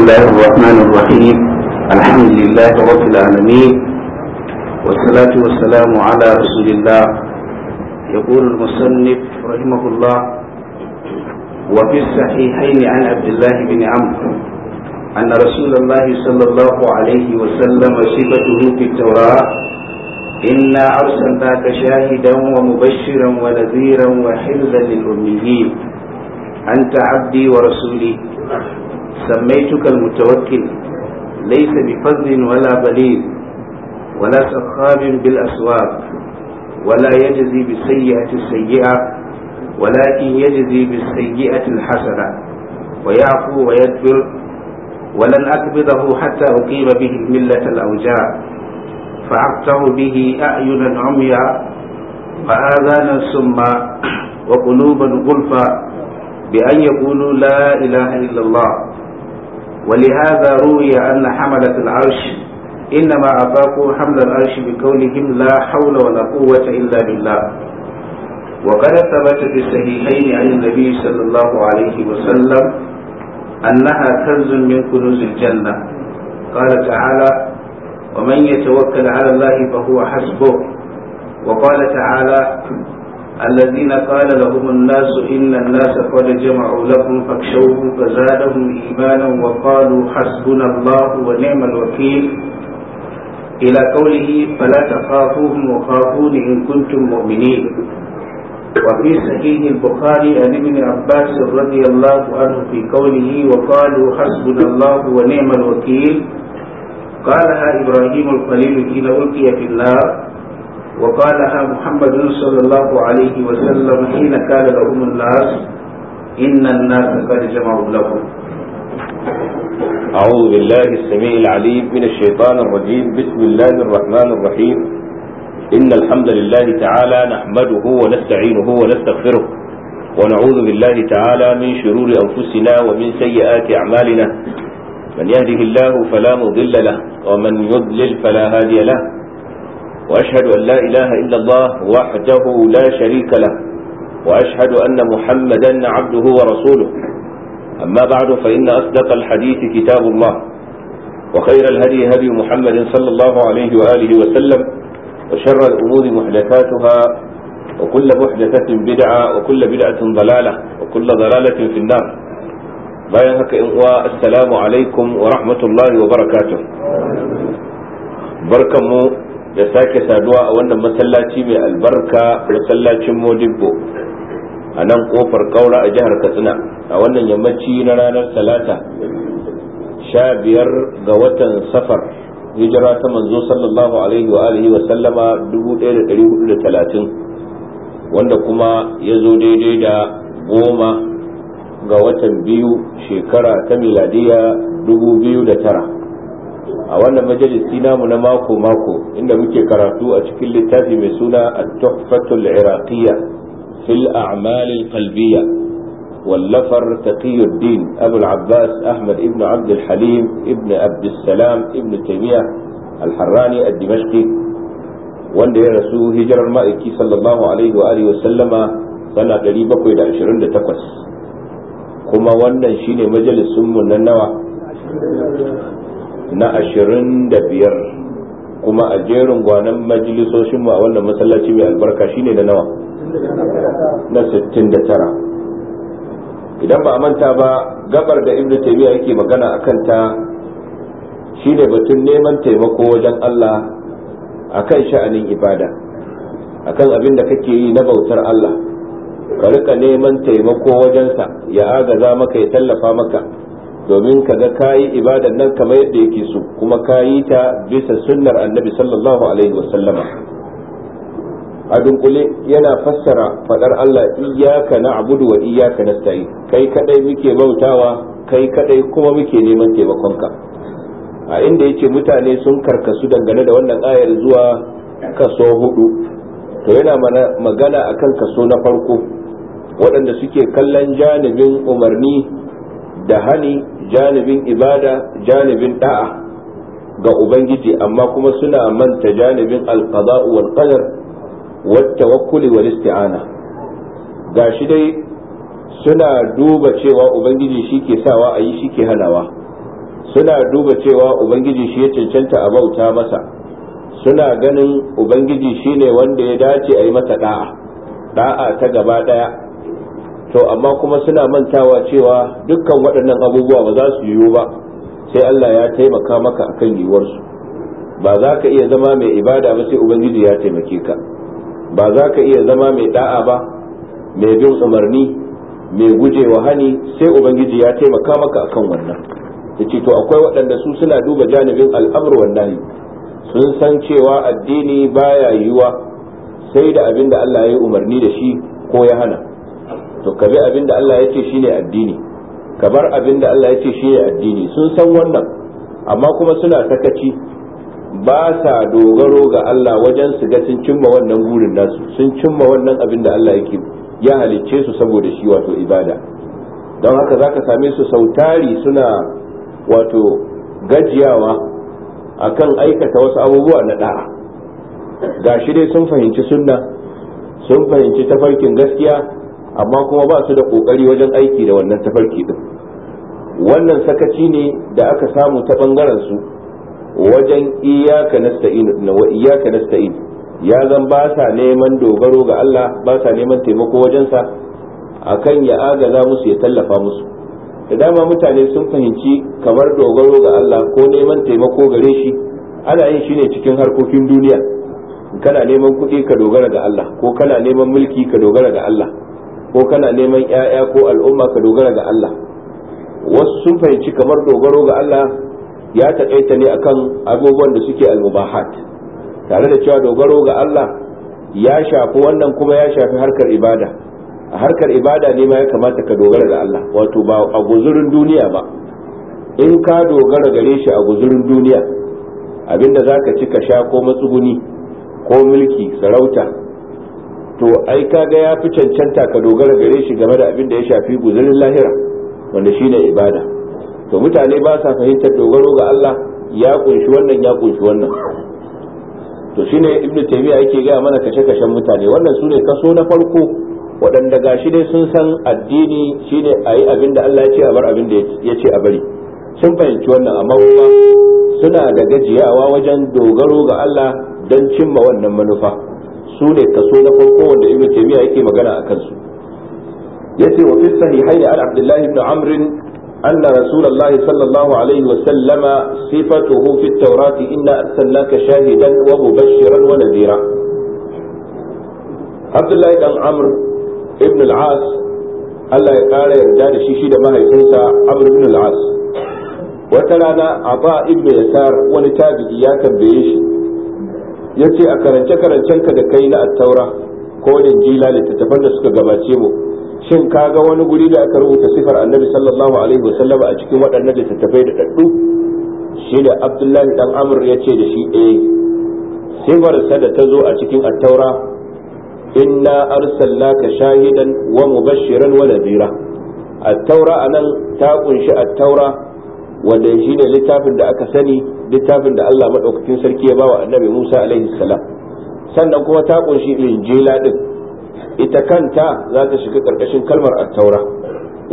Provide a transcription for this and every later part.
الله الرحمن الرحيم الحمد لله رب العالمين والصلاة والسلام على رسول الله يقول المصنف رحمه الله وفي الصحيحين عن عبد الله بن عمرو أن رسول الله صلى الله عليه وسلم صفته في التوراة إنا أرسلناك شاهدا ومبشرا ونذيرا وحفظا للأميين أنت عبدي ورسولي سميتك المتوكل ليس بفضل ولا بليل ولا سخاب بالأسواق ولا يجزي بالسيئة السيئة ولكن يجزي بالسيئة الحسنة ويعفو ويدبر ولن أكبده حتى أقيم به ملة الأوجاع فأقطع به أعينا عميا وآذانا سما وقلوبا غلفا بأن يقولوا لا إله إلا الله ولهذا روي أن حملة العرش إنما أطاقوا حمل العرش بقولهم لا حول ولا قوة إلا بالله وقد ثبت في الصحيحين عن النبي صلى الله عليه وسلم أنها كنز من كنوز الجنة قال تعالى ومن يتوكل على الله فهو حسبه وقال تعالى الذين قال لهم الناس إن الناس قد جمعوا لكم فاخشوهم فزادهم إيمانا وقالوا حسبنا الله ونعم الوكيل إلى قوله فلا تخافوهم وخافون إن كنتم مؤمنين وفي صحيح البخاري عن ابن عباس رضي الله عنه في قوله وقالوا حسبنا الله ونعم الوكيل قالها إبراهيم الخليل حين ألقي في النار وقالها محمد صلى الله عليه وسلم حين قال لهم الناس إن الناس قد جمعوا لكم أعوذ بالله السميع العليم من الشيطان الرجيم بسم الله الرحمن الرحيم إن الحمد لله تعالى نحمده ونستعينه ونستغفره ونعوذ بالله تعالى من شرور أنفسنا ومن سيئات أعمالنا من يهده الله فلا مضل له ومن يضلل فلا هادي له وأشهد أن لا إله إلا الله وحده لا شريك له وأشهد أن محمدا عبده ورسوله أما بعد فإن أصدق الحديث كتاب الله وخير الهدي هدي محمد صلى الله عليه وآله وسلم وشر الأمور محدثاتها وكل محدثة بدعة وكل بدعة ضلالة وكل ضلالة في النار باين هكا السلام عليكم ورحمة الله وبركاته بركة da sake saduwa a wannan masallaci mai albarka masallacin modibbo a nan kofar kaura a jihar katsina a wannan yammaci na ranar talata sha biyar ga watan safar hijira ta manzo sallallahu alaihi wa alihi wa sallama 1430 wanda kuma ya zo daidai da goma ga watan biyu shekara ta miladiya tara. a wannan majalisi namu na mako mako inda muke karatu a cikin littafi mai suna at-tuhfatul iraqiyya fil a'mal al-qalbiyya wallafar taqiyuddin abu al-abbas ahmad ibn abd al-halim ibn abd salam ibn taymiyyah al-harrani ad-dimashqi wanda ya rasu hijirar ma'aiki sallallahu alaihi wa alihi wa sallama sana 728 kuma wannan shine majalisun mu na nawa na ashirin da biyar kuma a jerin gwanan majalisoshinmu a wannan masallaci mai albarka shine na nawa na sittin da tara idan ba a manta ba gabar da ibnu taymiya yake magana a kanta shine batun neman taimako wajen Allah akan sha'anin ibada akan abin da kake yi na bautar Allah ka rika neman taimako wajensa ya agaza maka ya tallafa maka domin ka ga kayi ibadan nan kamar yadda yake su kuma kayi ta bisa sunnar annabi sallallahu alaihi wasallama a dunkule yana fassara fadar Allah iyyaka na'budu wa iyyaka nasta'in kai kadai muke bautawa kai kadai kuma muke neman taimakonka a inda yake mutane sun karkasu dangane da wannan ayar zuwa kaso hudu to yana magana akan kaso na farko waɗanda suke kallon janibin umarni da hani janibin ibada janibin da'a ga ubangiji amma kuma suna manta janibin alqada'u wal qadar wat tawakkuli wal isti'ana gashi dai suna duba cewa ubangiji shi ke sawa a yi shi ke halawa, suna duba cewa ubangiji shi ya cancanta a bauta masa suna ganin ubangiji shi ne wanda ya dace a yi masa da'a da'a ta gaba daya to amma kuma suna mantawa cewa dukkan waɗannan abubuwa ba za su yiwu ba sai Allah ya taimaka maka akan yiwuwarsu ba za ka iya zama mai ibada ba sai ubangiji ya taimake ka ba za ka iya zama mai da'a ba mai bin umarni mai gujewa hani sai ubangiji ya taimaka maka akan wannan yace to akwai waɗanda su suna duba janibin al'amr wallahi sun san cewa addini baya yiwuwa sai da abin da Allah ya yi umarni da shi ko ya hana to ka bi abin da Allah ya ce shine addini ka bar abin da Allah ya ce shine addini sun san wannan amma kuma suna sakaci ba sa dogaro ga Allah wajen su ga sun cimma wannan gurin nasu sun cimma wannan abin da Allah yake ya halicce su saboda shi wato ibada don haka zaka same su sautari suna wato gajiyawa akan aikata wasu abubuwa na da'a gashi dai sun fahimci sunna sun fahimci tafarkin gaskiya amma kuma ba su da kokari wajen aiki da wannan tafarki din wannan sakaci ne da aka samu ta bangaren su wajen iyaka nasta'in wa iyaka nasta'in ya zan ba sa neman dogaro ga Allah ba sa neman taimako wajensa akan ya agaza musu ya tallafa musu da dama mutane sun fahimci kamar dogaro ga Allah ko neman taimako gare shi ana yin shi ne cikin harkokin duniya kana neman kuɗi ka dogara ga Allah ko kana neman mulki ka dogara ga Allah ko kana neman 'ya'ya ko al'umma ka dogara ga Allah wasu sun fahimci kamar dogaro ga Allah ya taƙaita ne akan abubuwan da suke almubahat tare da cewa dogaro ga Allah ya shafi wannan kuma ya shafi harkar ibada a harkar ibada ne ma ya kamata ka dogara ga Allah wato ba a guzurin duniya ba in ka dogara gare shi a guzurin duniya abinda zaka ci ka sha ko matsuguni ko mulki sarauta to ai kaga ya fi cancanta ka dogara gare shi game da abin da ya shafi guzurin lahira wanda shine ibada to mutane ba sa fahimtar dogaro ga Allah ya kunshi wannan ya kunshi wannan to shine Ibn taymiya yake ga mana kashe kashen mutane wannan sune kaso na farko waɗanda gashi dai sun san addini shine ayi abin da Allah ya ce a bar abin da ya ce a bari sun fahimci wannan amma kuma suna da gajiyawa wajen dogaro ga Allah don cimma wannan manufa su ne kaso na farko wanda ibn taymiya yake magana akan su yace wa fi sahihayn an abdullahi ibn amr anna rasulullahi sallallahu alaihi wa sallama sifatuhu fi at inna arsalnaka shahidan wa mubashiran wa nadira abdullahi ibn amr ibn al-as Allah ya kare yarda da shi shida da mahaifinsa amr ibn al-as wata rana aba ibn yasar wani tabi'i ya tambaye shi ya ce a karance karancenka da kai na attaura ko jila littattafan da suka gabace mu shin ka ga wani guri da aka rubuta sifar annabi sallallahu alaihi wasallam a cikin waɗannan littattafai da daddu shi da abdullahi dan amr ya ce da shi eh sifarsa da ta zo a cikin attaura inna arsalnaka shahidan wa mubashiran wa nadira attaura anan ta kunshi attaura wanda ne littafin da aka sani littafin da Allah madaukakin sarki ya bawa annabi Musa alaihi salam sannan kuma ta kunshi injila din ita kanta za ta shiga karkashin kalmar attaura.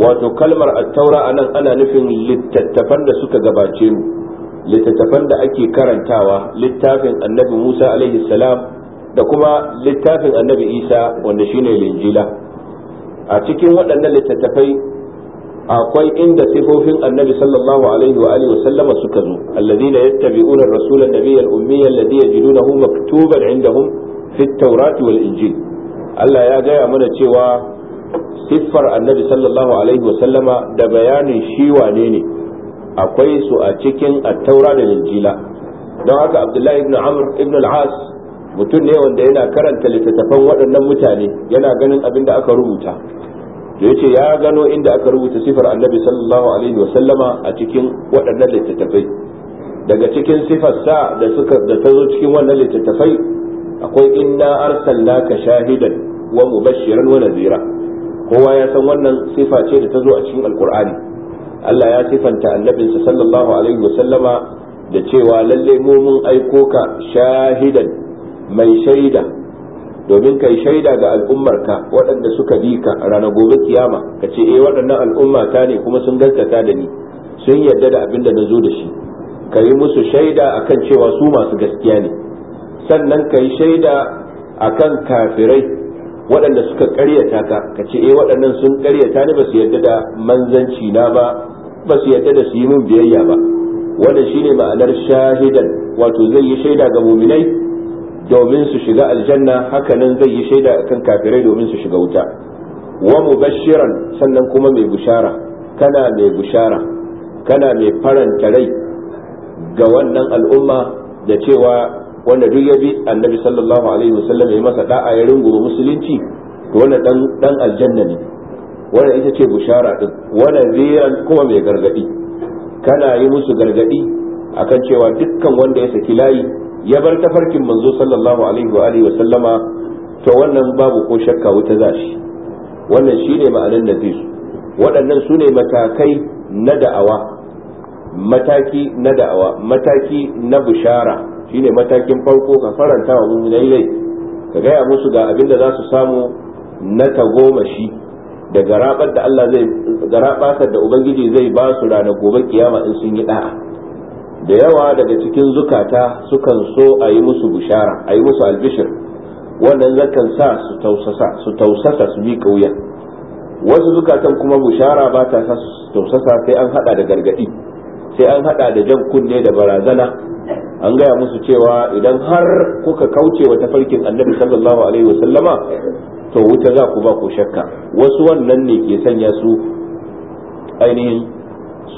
wato kalmar attaura a anan ana nufin littattafan da suka gabace mu littattafan da ake karantawa littafin annabi Musa alaihi salam da kuma littafin annabi Isa wanda shine linjila a cikin waɗannan littattafai akwai inda sifofin annabi sallallahu alaihi wa alihi wasallama suka zo alladhina yattabi'una ar-rasula an-nabiyya al-ummiyya alladhi yajidunahu maktuban indahum fi at wal-injil Allah ya gaya mana cewa siffar annabi sallallahu alaihi wasallama da bayanin shi wane akwai su a cikin at da injila don haka abdullahi ibn amr mutum ne wanda yana karanta littattafan waɗannan mutane yana ganin abin da aka rubuta da yace ya gano inda aka rubuta sifar annabi sallallahu alaihi wasallama a cikin waɗannan littattafai daga cikin sifarsa da suka da ta zo cikin wannan littattafai akwai inna arsalnaka shahidan wa mubashiran wa nazira kowa ya san wannan sifa ce da ta zo a cikin alqur'ani Allah ya sifanta annabinsa sallallahu alaihi wasallama da cewa lalle mu mun aiko ka shahidan mai shaida domin kai shaida ga al'ummarka waɗanda suka bi ka ranar gobe kiyama ka ce eh waɗannan al'umma ta ne kuma sun gaskata da ni sun yarda da abin da na zo da shi ka yi musu shaida akan cewa su masu gaskiya ne sannan ka yi shaida akan kafirai waɗanda suka ƙaryata ka ka ce eh waɗannan sun ƙaryata ni ba su yarda da manzanci na ba ba su yarda da su yi min biyayya ba wannan shine ma'anar shahidan wato zai yi shaida ga muminai domin su shiga aljanna hakanan zai yi shaida kan kafirai domin su shiga wuta wa mubashiran sannan kuma mai bushara kana mai bushara kana mai faranta rai ga wannan al'umma da cewa wanda duk ya bi annabi sallallahu alaihi wasallam ya masa da'a ya rungume musulunci to wannan dan dan aljanna ne wannan ita ce bushara din wannan ziran kuma mai gargadi kana yi musu gargadi akan cewa dukkan wanda ya saki layi ya bar tafarkin manzo sallallahu alaihi wa alihi wa sallama to wannan babu ko shakka wuta zashi wannan shine ma'anar nafis waɗannan su ne matakai na da'awa mataki na da'awa mataki na bushara shine matakin farko ka faranta wa mu'minai rai ka gaya musu ga abin da za su samu na tagomashi da garabar da Allah zai garabatar da ubangiji zai ba su ranar gobe kiyama in sun yi da'a da yawa daga cikin zukata sukan so a yi musu bushara a yi musu albishir wannan zakan sa su tausasa su tausasa su bi kauya wasu zukatan kuma bushara ba ta sa su tausasa sai an hada da gargadi sai an hada da jan kunne da barazana an gaya musu cewa idan har kuka kauce wa tafarkin annabi sallallahu alaihi wasallama to wuta za ku ba ku shakka wasu wannan ne ke sanya su ainihin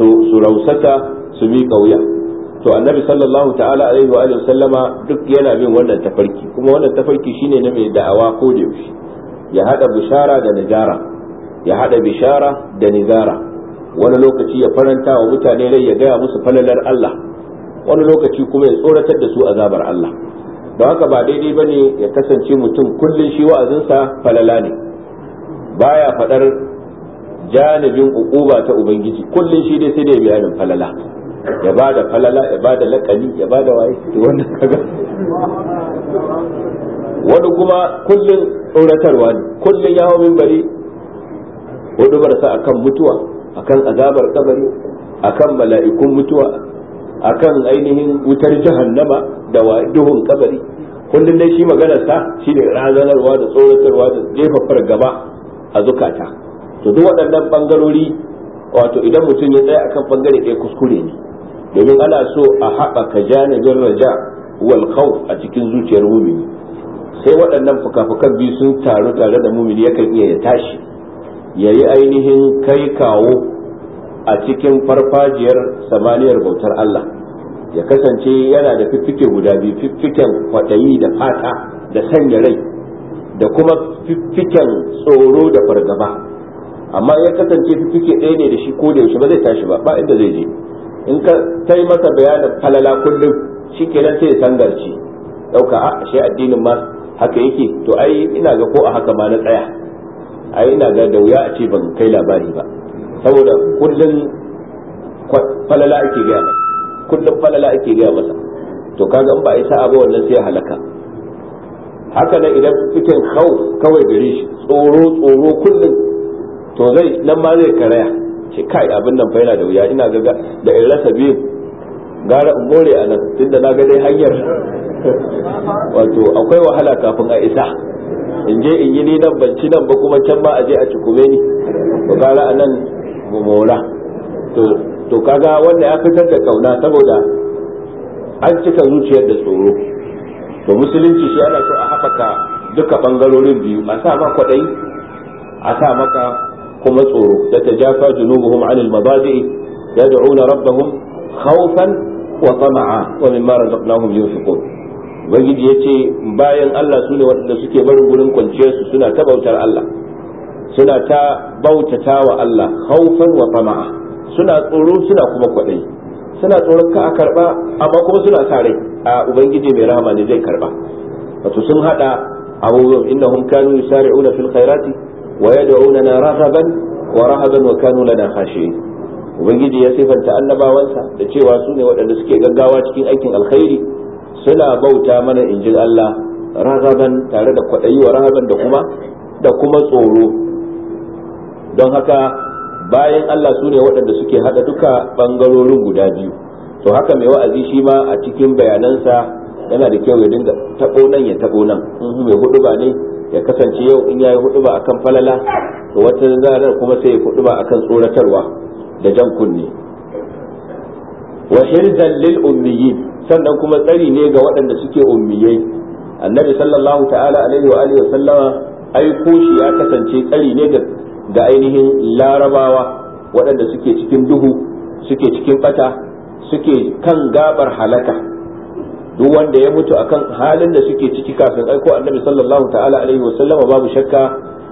su rausata su bi kauya to annabi sallallahu ta'ala alaihi wa sallama duk yana bin wannan tafarki kuma wannan tafarki shine na mai da'awa ko da yaushe ya hada bishara da nijara ya hada bishara da nizara wani lokaci ya faranta wa mutane rai ya gaya musu falalar Allah wani lokaci kuma ya tsoratar da su azabar Allah don haka ba daidai bane ya kasance mutum kullun shi wa'azinsa falala ne baya fadar janibin ukuba ta ubangiji kullun shi dai sai da bayanin falala ya ba da falala ya ba da lakali, ya ba da waye to wanda kaga wani kuma kullun tsoratarwa ne kullun ya hau bari wani a akan mutuwa akan azabar kabari akan mala'ikun mutuwa akan ainihin wutar jahannama da duhun kabari kullun dai shi maganarsa shi ne razanarwa da tsoratarwa da jefa fargaba a zukata to duk waɗannan bangarori wato idan mutum ya tsaya akan bangare ɗaya kuskure ne domin ana so a haɓaka janibin raja wal khawf a cikin zuciyar mumini sai waɗannan fuka-fukan biyu sun taru tare da mumini yakan iya ya tashi ya yi ainihin kai kawo a cikin farfajiyar samaniyar bautar Allah ya kasance yana da fiffike guda biyu fiffiken kwaɗayi da fata da sanya rai da kuma fiffiken tsoro da fargaba amma ya kasance fiffike ɗaya ne da shi ko da yaushe ba zai tashi ba ba inda zai je in ka tai masa bayanin falala kullum shikenan sai ya tangarci dauka a ah, ashe addinin ma haka yake to ai ina ga ko a haka ma na tsaya ai ina ga da wuya a ce ban kai labari ba saboda kullum falala ake gaya masa kullum falala ake gaya masa to kaga in ba isa abu wannan sai halaka haka nan idan fitin kawai gare shi tsoro tsoro kullum to zai nan ma zai karaya ce kai abin nan fa yana da wuya ina ga da in rasa biyu gara in more a nan tunda na ga dai hanyar wato akwai wahala kafin a isa in je in yi ni nan ban ci nan ba kuma can ba a je a cikume ni to gara a nan mu mora to to kaga wanda ya fitar da kauna saboda an cika zuciyar da tsoro to musulunci shi ana so a haɓaka duka bangarorin biyu a sa ma kwaɗayi a sa maka kuma tsoro da ta jafa junubuhum anil mabadi yad'una rabbahum khawfan wa tama'a wa mimma razaqnahum yunfiqun ubangiji yace bayan Allah sune waɗanda suke barin gurin kwanciyar suna ta bautar Allah suna ta bautata wa Allah haufan wa tama'a suna tsoro suna kuma kwaɗayi suna tsoron ka a karɓa amma kuma suna sa rai a ubangiji mai rahama ne zai karɓa, wato sun haɗa abubuwan innahum kanu yusari'una fil khairati ويدعوننا رغبا ورهبا وكانوا لنا خاشعين ubangiji ya sifanta annabawansa da cewa su ne waɗanda suke gaggawa cikin aikin alkhairi suna bauta mana injin Allah ragaban tare da kwaɗayi wa ragaban da kuma da kuma tsoro don haka bayan Allah sune ne waɗanda suke haɗa duka ɓangarorin guda biyu to haka mai wa'azi shi ma a cikin bayanansa yana da kyau ya dinga taɓo nan ya taɓo nan in mai hudu ba ne ya kasance yau in yayi hudu ba akan falala to wata zarar kuma sai ya hudu ba akan tsoratarwa da jan kunne wa hirzan lil ummiyin sannan kuma tsari ne ga waɗanda suke ummiyai annabi sallallahu ta'ala alaihi wa alihi sallama aiko shi ya kasance tsari ne ga ainihin larabawa waɗanda suke cikin duhu suke cikin bata suke kan gabar halaka duk wanda ya mutu akan halin da suke ciki kafin aiko annabi sallallahu ta'ala alaihi wasallama babu shakka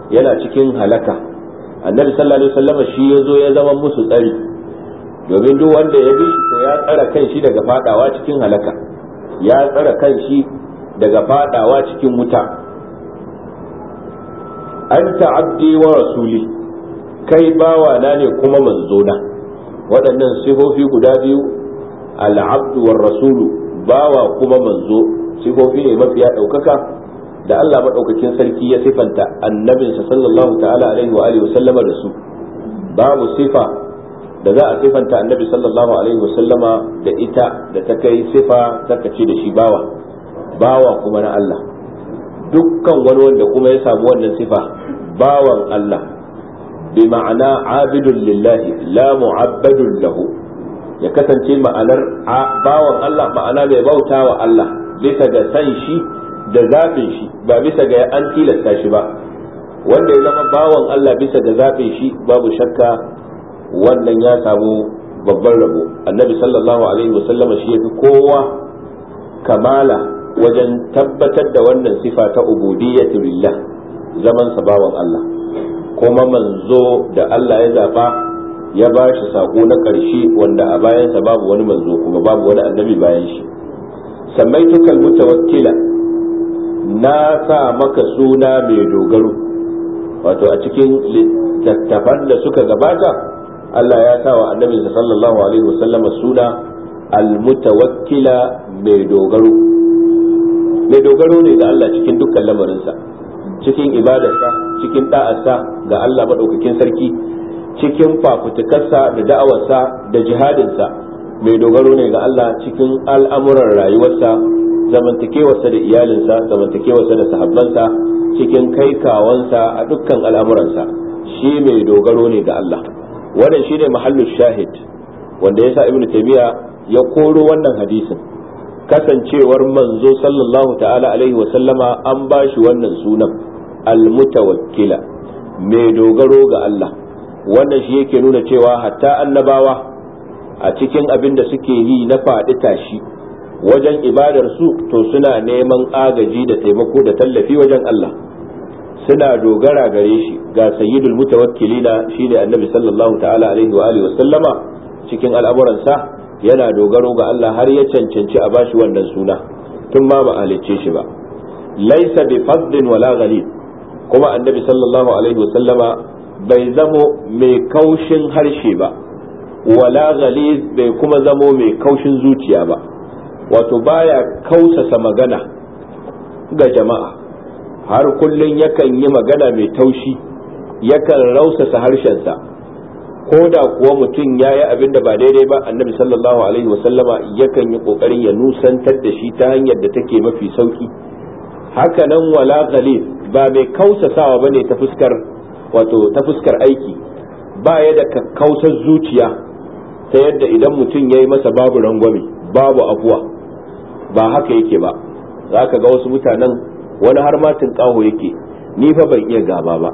yana cikin halaka annabi sallallahu alaihi sallama shi ya zo ya zama musu tsari domin duk wanda ya bi shi to ya tsara kan shi daga fadawa cikin halaka ya tsara kan shi daga fadawa cikin wuta anta abdi wa rasuli kai bawa na ne kuma na waɗannan sifofi guda biyu al-abdu war rasulu bawa kuma manzo sifofi ne mafiya ɗaukaka da Allah maɗaukakin sarki ya sifanta annabinsa sallallahu ta'ala alaihi wa alihi sallama da su babu sifa da za a sifanta annabi sallallahu alaihi wa sallama da ita da ta kai sifa ce da shi bawa bawa kuma na Allah dukkan wani wanda kuma ya samu wannan sifa bawan Allah bi ma'ana abidun lillahi la mu'abbadun lahu ya kasance ma'anar a bawan Allah ma'ana mai bauta wa Allah bisa ga san shi da zaɓin shi ba bisa ga an tilasta shi ba wanda ya zama bawan Allah bisa ga zafin shi babu shakka wannan ya samu babban rabo annabi sallallahu alaihi wasallama shi yafi kowa kamala wajen tabbatar da wannan sifa ta ubudiyyati lillah zaman sa bawan Allah kuma manzo da Allah ya zafa. ya ba shi sako na ƙarshe wanda a bayansa babu wani manzo kuma babu wani annabi bayan shi sammai tukal mutawakkila na sa maka suna mai dogaro wato a cikin littattafan da suka gabata Allah ya sa wa annabinsa sallallahu alaihi wasallam suna almutawakkila mai dogaro mai dogaro ne da Allah cikin dukkan lamarinsa cikin ibadarsa cikin da'arsa ga Allah maɗaukakin sarki cikin fafutukarsa da da'awarsa da jihadinsa mai dogaro ne ga Allah cikin al'amuran rayuwarsa zamantakewarsa da iyalinsa zamantakewarsa da sahabbansa cikin kai kawansa a dukkan al'amuransa shi mai dogaro ne ga Allah wannan shi ne shahid wanda ya sa ibn taymiya ya koro wannan hadisin kasancewar manzo sallallahu ta'ala alaihi wa sallama an bashi wannan sunan al-mutawakkila mai dogaro ga Allah wannan shi yake nuna cewa hatta annabawa a cikin abin da suke yi na faɗi tashi wajen ibadarsu to suna neman agaji da taimako da tallafi wajen Allah suna dogara gare shi ga sayyidul mutawakkilina shine annabi sallallahu ta'ala alaihi wa alihi wa sallama cikin al'amuransa yana dogaro ga Allah har ya cancanci a bashi wannan suna tun ma ba halicce shi ba laisa bi fadlin wala ghalib kuma annabi sallallahu alaihi wa sallama bai zamo mai kaushin harshe ba wala ghaliz bai kuma zamo mai kaushin zuciya ba wato baya kausasa magana ga jama'a har kullum yakan yi magana mai taushi yakan rausasa harshensa ko da kuwa mutum ya yi abin da ba daidai ba annabi sallallahu alaihi wasallama yakan yi ƙoƙarin ya nusantar da shi ta hanyar da take mafi sauki haka nan wala ghaliz ba mai kausasawa bane ta fuskar wato ta fuskar aiki ba ya da kakkausar zuciya ta yadda idan mutum ya yi masa babu rangwame babu afuwa ba haka yake ba za ka ga wasu mutanen wani har matin kaho yake ni ban iya gaba ba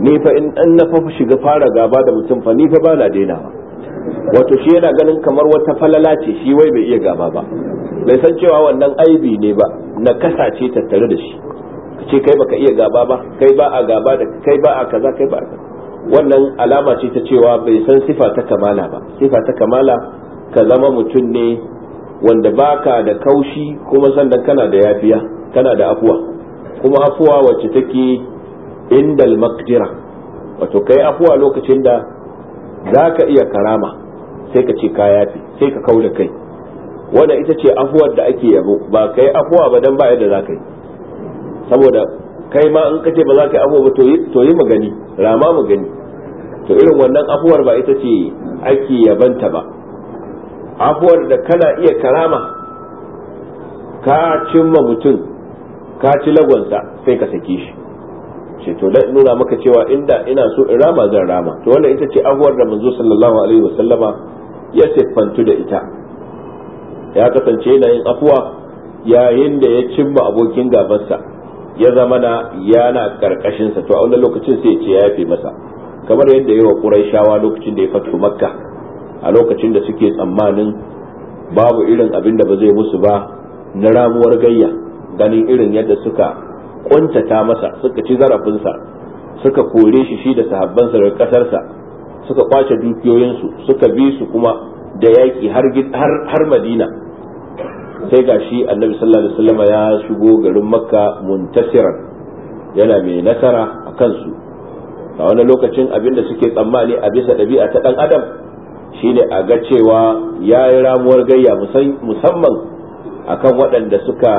ni in an na fa shiga fara gaba da mutum fa ni fa ba na daina ba wato shi yana ganin kamar wata falala ce shi wai bai iya gaba ba bai san cewa wannan aibi ne ba na kasace tattare da shi ce kai baka iya gaba ba kai ba a gaba da kai ba a kaza kai ba a wannan alama ce ta cewa bai san sifa ta kamala ba sifa ta kamala ka zama mutum ne wanda baka da kaushi kuma sannan kana da yafiya kana da afuwa kuma afuwa wacce take indal maqdira wato kai afuwa lokacin da zaka iya karama sai ka ce ka yafi sai ka kaula kai wanda ita ce afuwar da ake yabo ba kai afuwa ba dan ba yadda zaka yi saboda kai ma in kace ba za ka afuwa ba to yi magani rama magani to irin wannan afuwar ba ita ce ake yabanta ba afuwar da kana iya karama ka cimma mutum ka ci lagonsa sai ka sake shi ce to dan nuna maka cewa inda ina so in rama zan rama to wannan ita ce afuwar da manzo sallallahu alaihi wasallama ya siffantu da ita ya kasance yana yin afuwa yayin da ya cimma abokin gabansa ya zama na yana karkashin sa to a wannan lokacin sai ce ya yafe masa kamar yadda yawa Qurayshawa lokacin da ya fatu Makka a lokacin da suke tsammanin babu irin abin da ba zai musu ba na ramuwar gayya ganin irin yadda suka kuntata masa suka ci zarafinsa suka kore shi shi da sahabbansa daga kasarsa suka kwace su suka bi su kuma da yaƙi har Madina sai gashi annabi sallallahu alaihi wasallam ya shigo garin makka muntasiran yana mai nasara a kansu a wani lokacin abin da suke tsammani a bisa ɗabi'a ta ɗan adam shine a ga cewa ya yi ramuwar gayya musamman akan waɗanda suka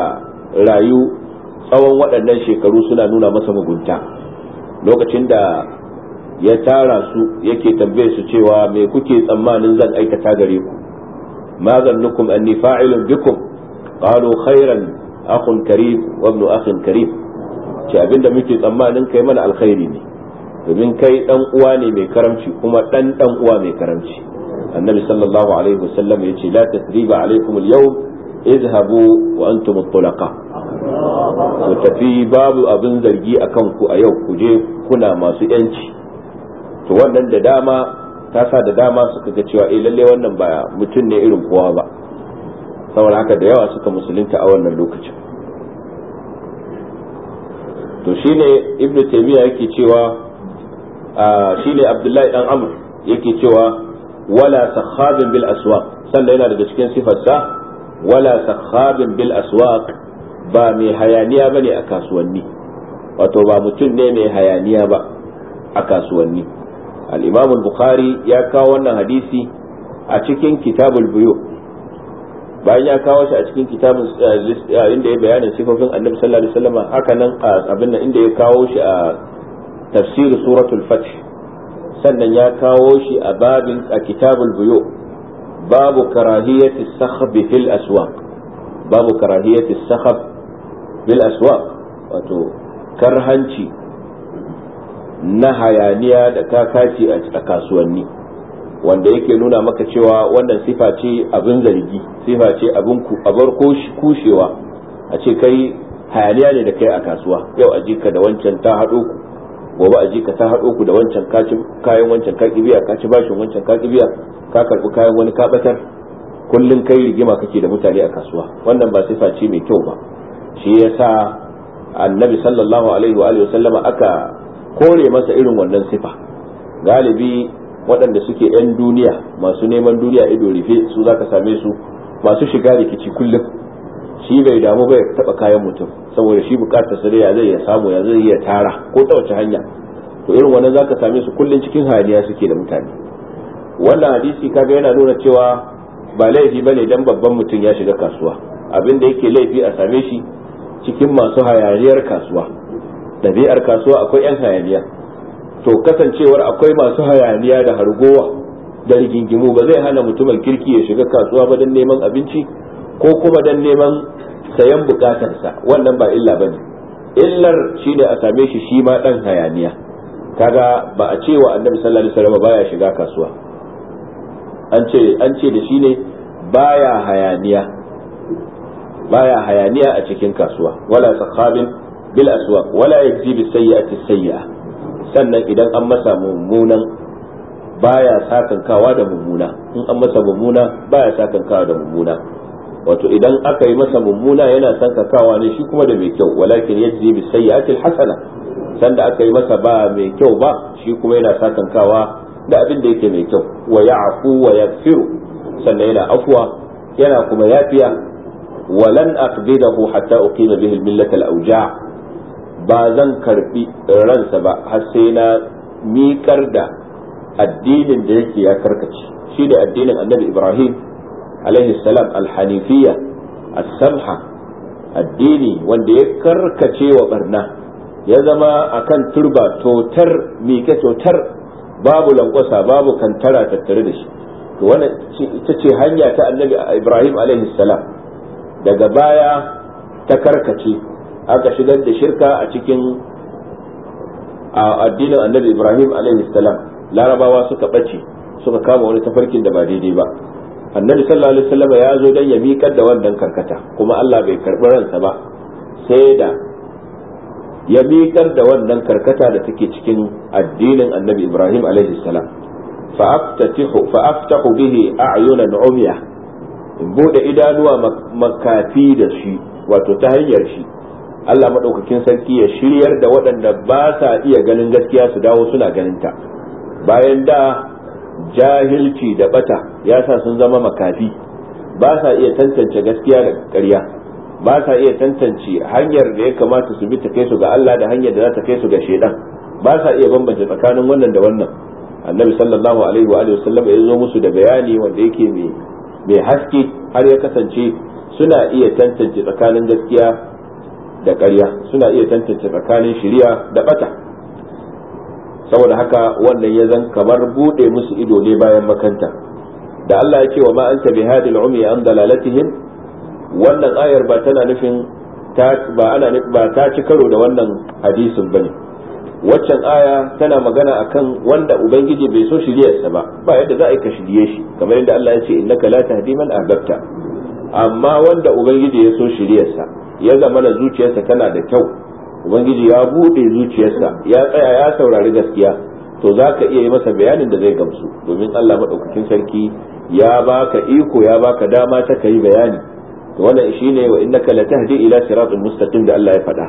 rayu tsawon waɗannan shekaru suna nuna masa mugunta lokacin da ya tara su yake tambaye su cewa me kuke tsammanin zan aikata gare ku ma zannukum anni fa'ilun bikum qalu khairan akhun karim wa ibnu akhin ce abinda muke tsammanin kai mana alkhairi ne domin kai dan uwa ne mai karamci kuma dan dan uwa mai karamci annabi sallallahu alaihi wasallam yace la tasriba alaikum yau. yawm izhabu wa antum at-tulaqa ku tafi babu abin zargi akan ku a yau ku je kuna masu yanci to wannan da dama ta sa da dama suka ga cewa eh lalle wannan ba mutum ne irin kowa ba saboda haka da yawa suka musulunta a wannan lokacin to shine ibnu taymiya yake cewa shine abdullahi dan amr yake cewa wala sakhabin bil aswaq sannan yana daga cikin sifarsa wala sakhabin bil aswaq ba mai hayaniya bane a kasuwanni wato ba mutum ne mai hayaniya ba a kasuwanni al-imam bukhari ya kawo wannan hadisi a cikin kitabul buyu bayan ya kawo shi a cikin kitabin eh, eh, inda ya bayanin sifofin annabi sallallahu alaihi wasallam haka nan a abin nan inda ya kawo shi a tafsir suratul fath sannan ya kawo shi a babin a kitabul buyu babu karahiyati sakhab fil aswaq babu karahiyati sakhab bil aswaq wato karhanci na hayaniya da kakaci a kasuwanni wanda yake nuna maka cewa wannan sifa ce abin zargi sifa ce abin abar kushewa a ce kai hayaniya ne da kai a kasuwa yau a jika da wancan ta haɗo ku gobe a jika ta haɗo ku da wancan kayan wancan ka biya ka ci bashin wancan ka biya ka karɓi kayan wani ka batar kullum kai rigima kake da mutane a kasuwa wannan ba sifa ce mai kyau ba shi yasa annabi sallallahu alaihi wa sallama aka kore masa irin wannan sifa galibi waɗanda suke 'yan duniya masu neman duniya ido rufe su zaka same su masu shiga rikici kullum shi bai damu bai taɓa kayan mutum saboda shi bukatar sa ya zai ya samu ya zai ya tara ko ta wace hanya to irin wannan zaka same su kullum cikin hayaniya suke da mutane wannan hadisi kaga yana nuna cewa ba laifi bane dan babban mutum ya shiga kasuwa abin da yake laifi a same shi cikin masu hayaniyar kasuwa ɗabi'ar kasuwa akwai 'yan hayaniya to kasancewar akwai masu hayaniya da hargowa da rigingimu ba zai hana mutumin kirki ya shiga kasuwa ba don neman abinci ko kuma don neman sayan bukatarsa wannan ba illa ba ne illar shine a same shi shi ma ɗan hayaniya kaga ba a cewa annabi sallallahu alaihi wasallam baya shiga kasuwa an ce an ce da shi ne baya hayaniya baya hayaniya a cikin kasuwa wala sakhabin bil aswaq wala yajibu bi sayyi'a sannan idan an masa mummunan baya sakankawa da mummuna in an masa mummuna baya sakankawa da mummuna wato idan aka yi masa mummuna yana sakankawa ne shi kuma da mai kyau walakin yajzi bi sayyi'atil hasana sanda aka yi masa ba mai kyau ba shi kuma yana sakankawa da abin da yake mai kyau wa ya'fu wa yaghfiru sannan yana afwa yana kuma yafiya walan aqbidahu hatta uqima bihi al-millat al ba zan karbi ransa ba har sai na miƙar da addinin da yake ya karkace shi da addinin annabi ibrahim alaihi salam alhanifiya as-samha addini wanda ya karkace wa barna ya zama akan turba totar mike totar babu lankwasa babu kantara tattare da shi to wannan ita ce hanya ta annabi ibrahim alaihi salam daga baya ta karkace aka shigar da shirka a cikin addinin annabi ibrahim salam larabawa suka ɓace suka kama wani tafarkin da ba daidai ba annabi sallallahu alaihi wasallam ya zo dan ya miƙar da wannan karkata kuma Allah bai karɓi ransa ba sai da ya miƙar da wannan karkata da take cikin addinin annabi ibrahim alaihi salam fa bihi a'yunan umya in bude idanuwa makafi da shi wato ta hanyar shi Allah madaukakin sarki ya shiryar da waɗanda ba sa iya ganin gaskiya su dawo suna ganinta bayan da jahilci da bata ya sa sun zama makafi ba sa iya tantance gaskiya da ƙarya ba sa iya tantance hanyar da ya kamata su bi ta kai su ga Allah da hanyar da za ta kai su ga shedan ba sa iya bambance tsakanin wannan da wannan annabi sallallahu alaihi wa sallam ya zo musu da bayani wanda yake mai haske har ya kasance suna iya tantance tsakanin gaskiya da ƙarya suna iya tantance tsakanin shari'a da bata saboda haka wannan ya zan kamar bude musu ido ne bayan makanta da Allah ya ce wa ma anta bihadil umi an dalalatihim wannan ayar ba tana nufin ba ana ba ta ci karo da wannan hadisin bane waccan aya tana magana akan wanda ubangiji bai so shiryarsa ba ba yadda za a yi ka shirye shi kamar yadda Allah ya ce innaka la tahdi man ahbabta amma wanda ubangiji ya so shiryarsa ya zama na zuciyarsa tana da kyau ubangiji ya bude zuciyarsa ya tsaya ya saurari gaskiya to za ka iya yi masa bayanin da zai gamsu domin allah maɗaukakin sarki ya baka iko ya baka dama ta ka yi bayani to wannan shine wa innaka tahdi ila siratin mustaqim da allah ya faɗa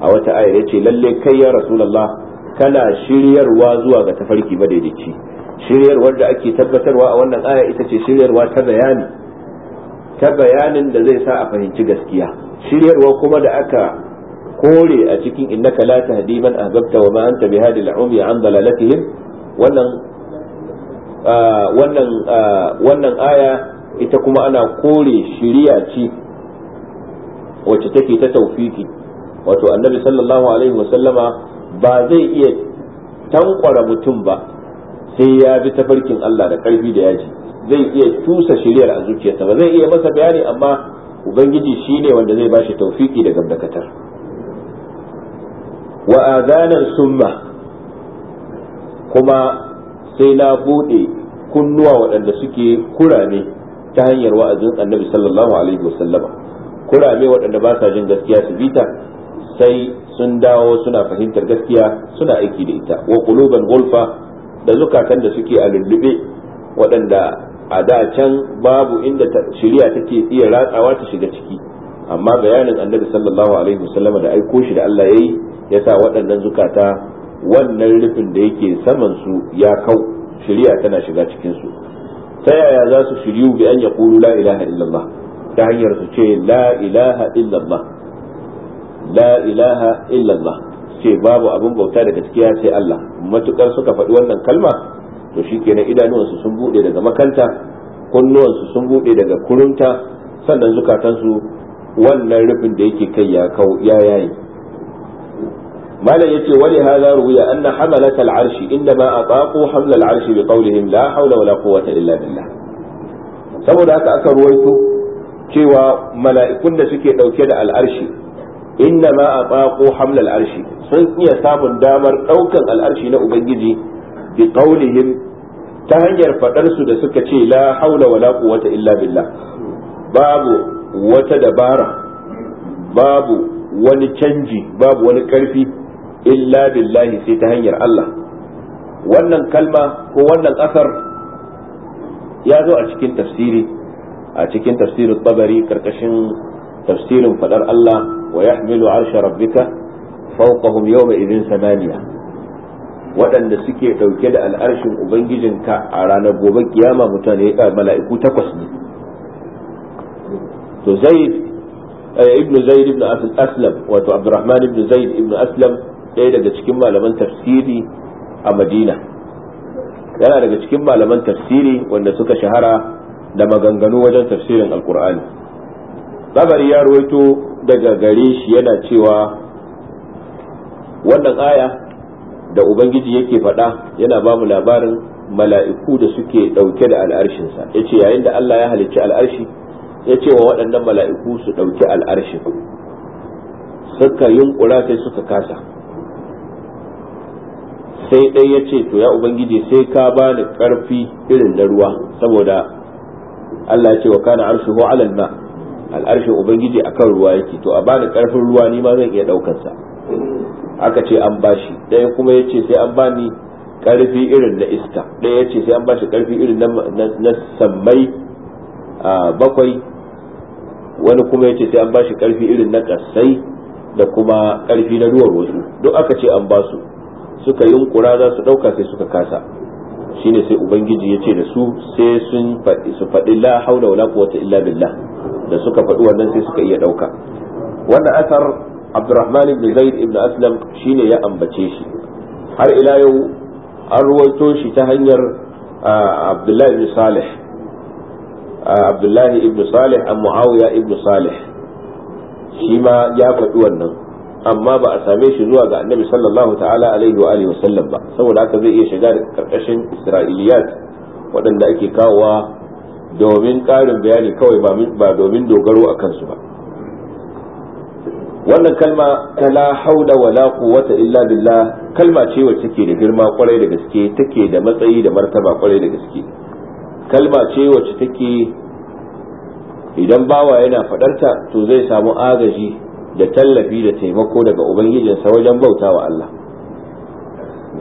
a wata ayar yace lalle kai ya rasulullah kana shiryarwa zuwa ga tafarki ba madaidaici shiryarwar da ake tabbatarwa a wannan aya ita ce shiryarwa ta bayani ta bayanin da zai sa a fahimci gaskiya shiryarwa kuma da aka kore a cikin innaka la tahdi man ahbabta wa ma anta bihadi al umi an dalalatihim wannan wannan wannan aya ita kuma ana kore shiriya ce wacce take ta tawfiki wato annabi sallallahu alaihi wasallama ba zai iya tankwara mutum ba sai ya bi tafarkin Allah da karfi da yaji zai iya tusa shiriyar a zuciyarsa ba zai iya masa bayani amma ubangiji ne wanda zai bashi taufiki da gamdakatar wa zanen summa kuma sai na bude kunnuwa waɗanda suke kurame ta hanyar wa'azin annabi sallallahu alaihi wasallama kurame waɗanda ba sa jin gaskiya su bita sai sun dawo suna fahimtar gaskiya suna aiki da ita wa quluban gulfa da zukatan da suke a lullube waɗanda a da can babu inda shirya take iya ratsawa ta shiga ciki amma bayanin annabi sallallahu alaihi wasallam da aiko shi da Allah yayi yasa waɗannan zukata wannan rufin da yake saman su ya kau shirya tana shiga cikin su ta yaya za su shiryu bi an yaqulu la ilaha illallah ta hanyar su ce la ilaha illallah la ilaha illallah ce babu abin bauta da gaskiya sai Allah matukar suka faɗi wannan kalma to shi kenan idanuwansu sun bude daga makanta kunnuwansu sun buɗe daga kurunta sannan zukatansu wannan rufin da yake kai ya kau ya yayi malam yace wali hadha ruwiya anna hamalat al-arshi ma ataqu hamla al-arshi bi qawlihim la hawla wala quwwata illa billah saboda haka aka ruwaito cewa mala'ikun da suke dauke da al-arshi inna ma a hamla al-arshi sun iya samun damar daukan al'arshi na ubangiji bi ta hanyar fadar su da suka ce la haula wala quwwata illa billah babu wata dabara babu wani canji babu wani karfi illa billahi sai ta hanyar Allah wannan kalma ko wannan asar ya zo a cikin tafsiri a cikin tafsirin tabari karkashin tafsirin faɗar Allah wa yahmilu arsha rabbika fawqahum yawma idhin samaniya waɗanda suke ɗauke da al'arshin ubangijinka a ranar gobe kiyama mutane mala'iku takwas ne to zaid eh, ibn zaid ibn aslam wato abdurrahman ibn zaid ibn aslam ɗaya daga cikin malaman tafsiri a madina yana daga cikin malaman tafsiri wanda suka shahara da maganganu wajen tafsirin alkur'ani labari ya ruwaito daga gare shi yana cewa wannan aya da ubangiji yake faɗa yana ba mu labarin mala'iku da suke ɗauke da al'arshinsa ya ce yayin da Allah ya halicci al'arshi ya ce wa waɗannan mala'iku su ɗauki al'arshin suka yunƙura sai suka kasa sai ɗai ya ce to ya ubangiji sai ka bani ni ƙarfi irin na ruwa saboda Allah ya ce wa kana arshuhu alal ma al'arshin ubangiji akan ruwa yake to a bani ƙarfin ruwa ni ma zan iya ɗaukansa aka ce an bashi ɗaya kuma ya ce sai an bani karfi irin na iska ɗaya ya ce sai an bashi karfi irin na sammai bakwai wani kuma ya ce sai an bashi karfi irin na ƙasai da kuma ƙarfi na ruwan wasu duk aka ce an basu suka yunkura za su ɗauka sai suka kasa shine sai ubangiji ya ce da su sai sun faɗi su faɗi la haula wala quwwata illa billah da suka faɗi wannan sai suka iya ɗauka wannan asar abdurrahman ibn zaid ibn aslam shine ya ambace shi har ila yau an ruwaito shi ta hanyar abdullahi ibn salih abdullahi ibn salih an muawiya ibn salih shi ma ya faɗi wannan amma ba a same shi zuwa ga annabi sallallahu ta'ala alaihi wa alihi wasallam ba saboda haka zai iya shiga da karkashin isra'iliyat waɗanda ake kawowa domin ƙarin bayani kawai ba domin dogaro a kansu ba wannan kalma ta la haula wala quwwata illa billah kalma ce wacce take da girma kwarai da gaske take da matsayi da martaba kwarai da gaske kalma ce wacce take idan bawa yana fadarta to zai samu agaji da tallafi da taimako daga ubangijinsa wajen bauta wa Allah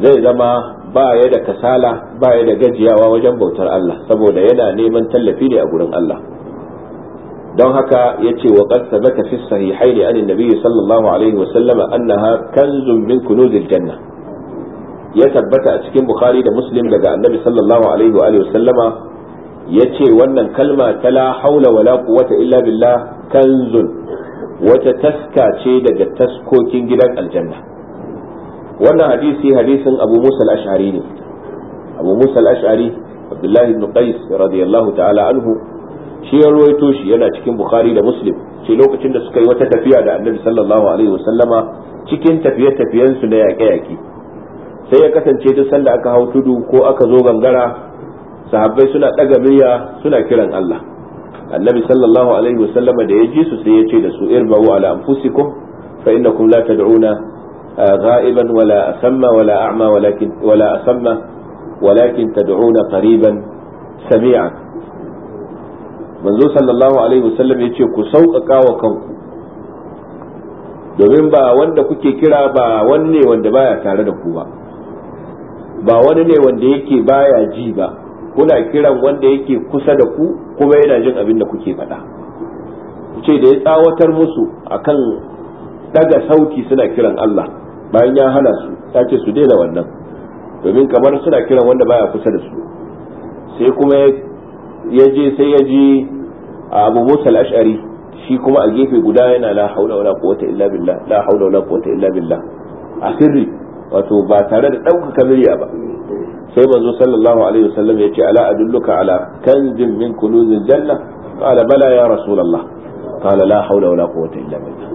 zai zama ba ya da kasala ba ya da gajiyawa wajen bautar Allah saboda yana neman tallafi ne a gurin Allah don haka yace wa qad sabata fi sahihaini an annabi sallallahu alaihi wa sallama annaha kanzun min kunuzil janna ya tabbata a cikin bukhari da muslim daga annabi sallallahu alaihi wa alihi ya ce wannan kalma ta la haula wala quwwata illa billah kanzun wata taska ce daga taskokin gidan aljanna wannan hadisi hadisin abu musa al-ash'ari ne abu musa al-ash'ari abdullahi ibn qais radiyallahu ta'ala anhu shi ya ruwaito shi yana cikin bukhari da muslim ce lokacin da suka yi wata tafiya da annabi sallallahu alaihi wasallama cikin tafiye tafiyen su na yaƙe yaƙe sai ya kasance duk sanda aka hau tudu ko aka zo gangara sahabbai suna ɗaga murya suna kiran Allah annabi sallallahu alaihi wasallama da ya ji su sai ya ce da su irbawu ala anfusikum fa innakum la tad'una غائبا ولا أسمى ولا أعمى ولكن ولا أسمى ولكن تدعون قريبا سميعا manzo sallallahu alaihi wasallam ya ce ku sauƙaƙa wa kanku domin ba wanda kuke kira ba wanne wanda baya tare da ku ba ba wani ne wanda yake baya ji ba kuna kiran wanda yake kusa da ku kuma yana jin abin da kuke faɗa ce da ya tsawatar musu akan daga sauki suna kiran Allah bayan ya hana su yace su daina wannan domin kamar suna kiran wanda baya kusa da su sai kuma ya je sai ya ji abu musa al-ash'ari shi kuma a gefe guda yana la haula wala quwwata illa billah la haula wala quwwata illa billah a sirri wato ba tare da ɗaukaka murya ba sai manzo sallallahu alaihi wasallam ya ce ala adulluka ala kanzin min kunuzil janna qala bala ya rasulullah qala la haula wala quwwata illa billah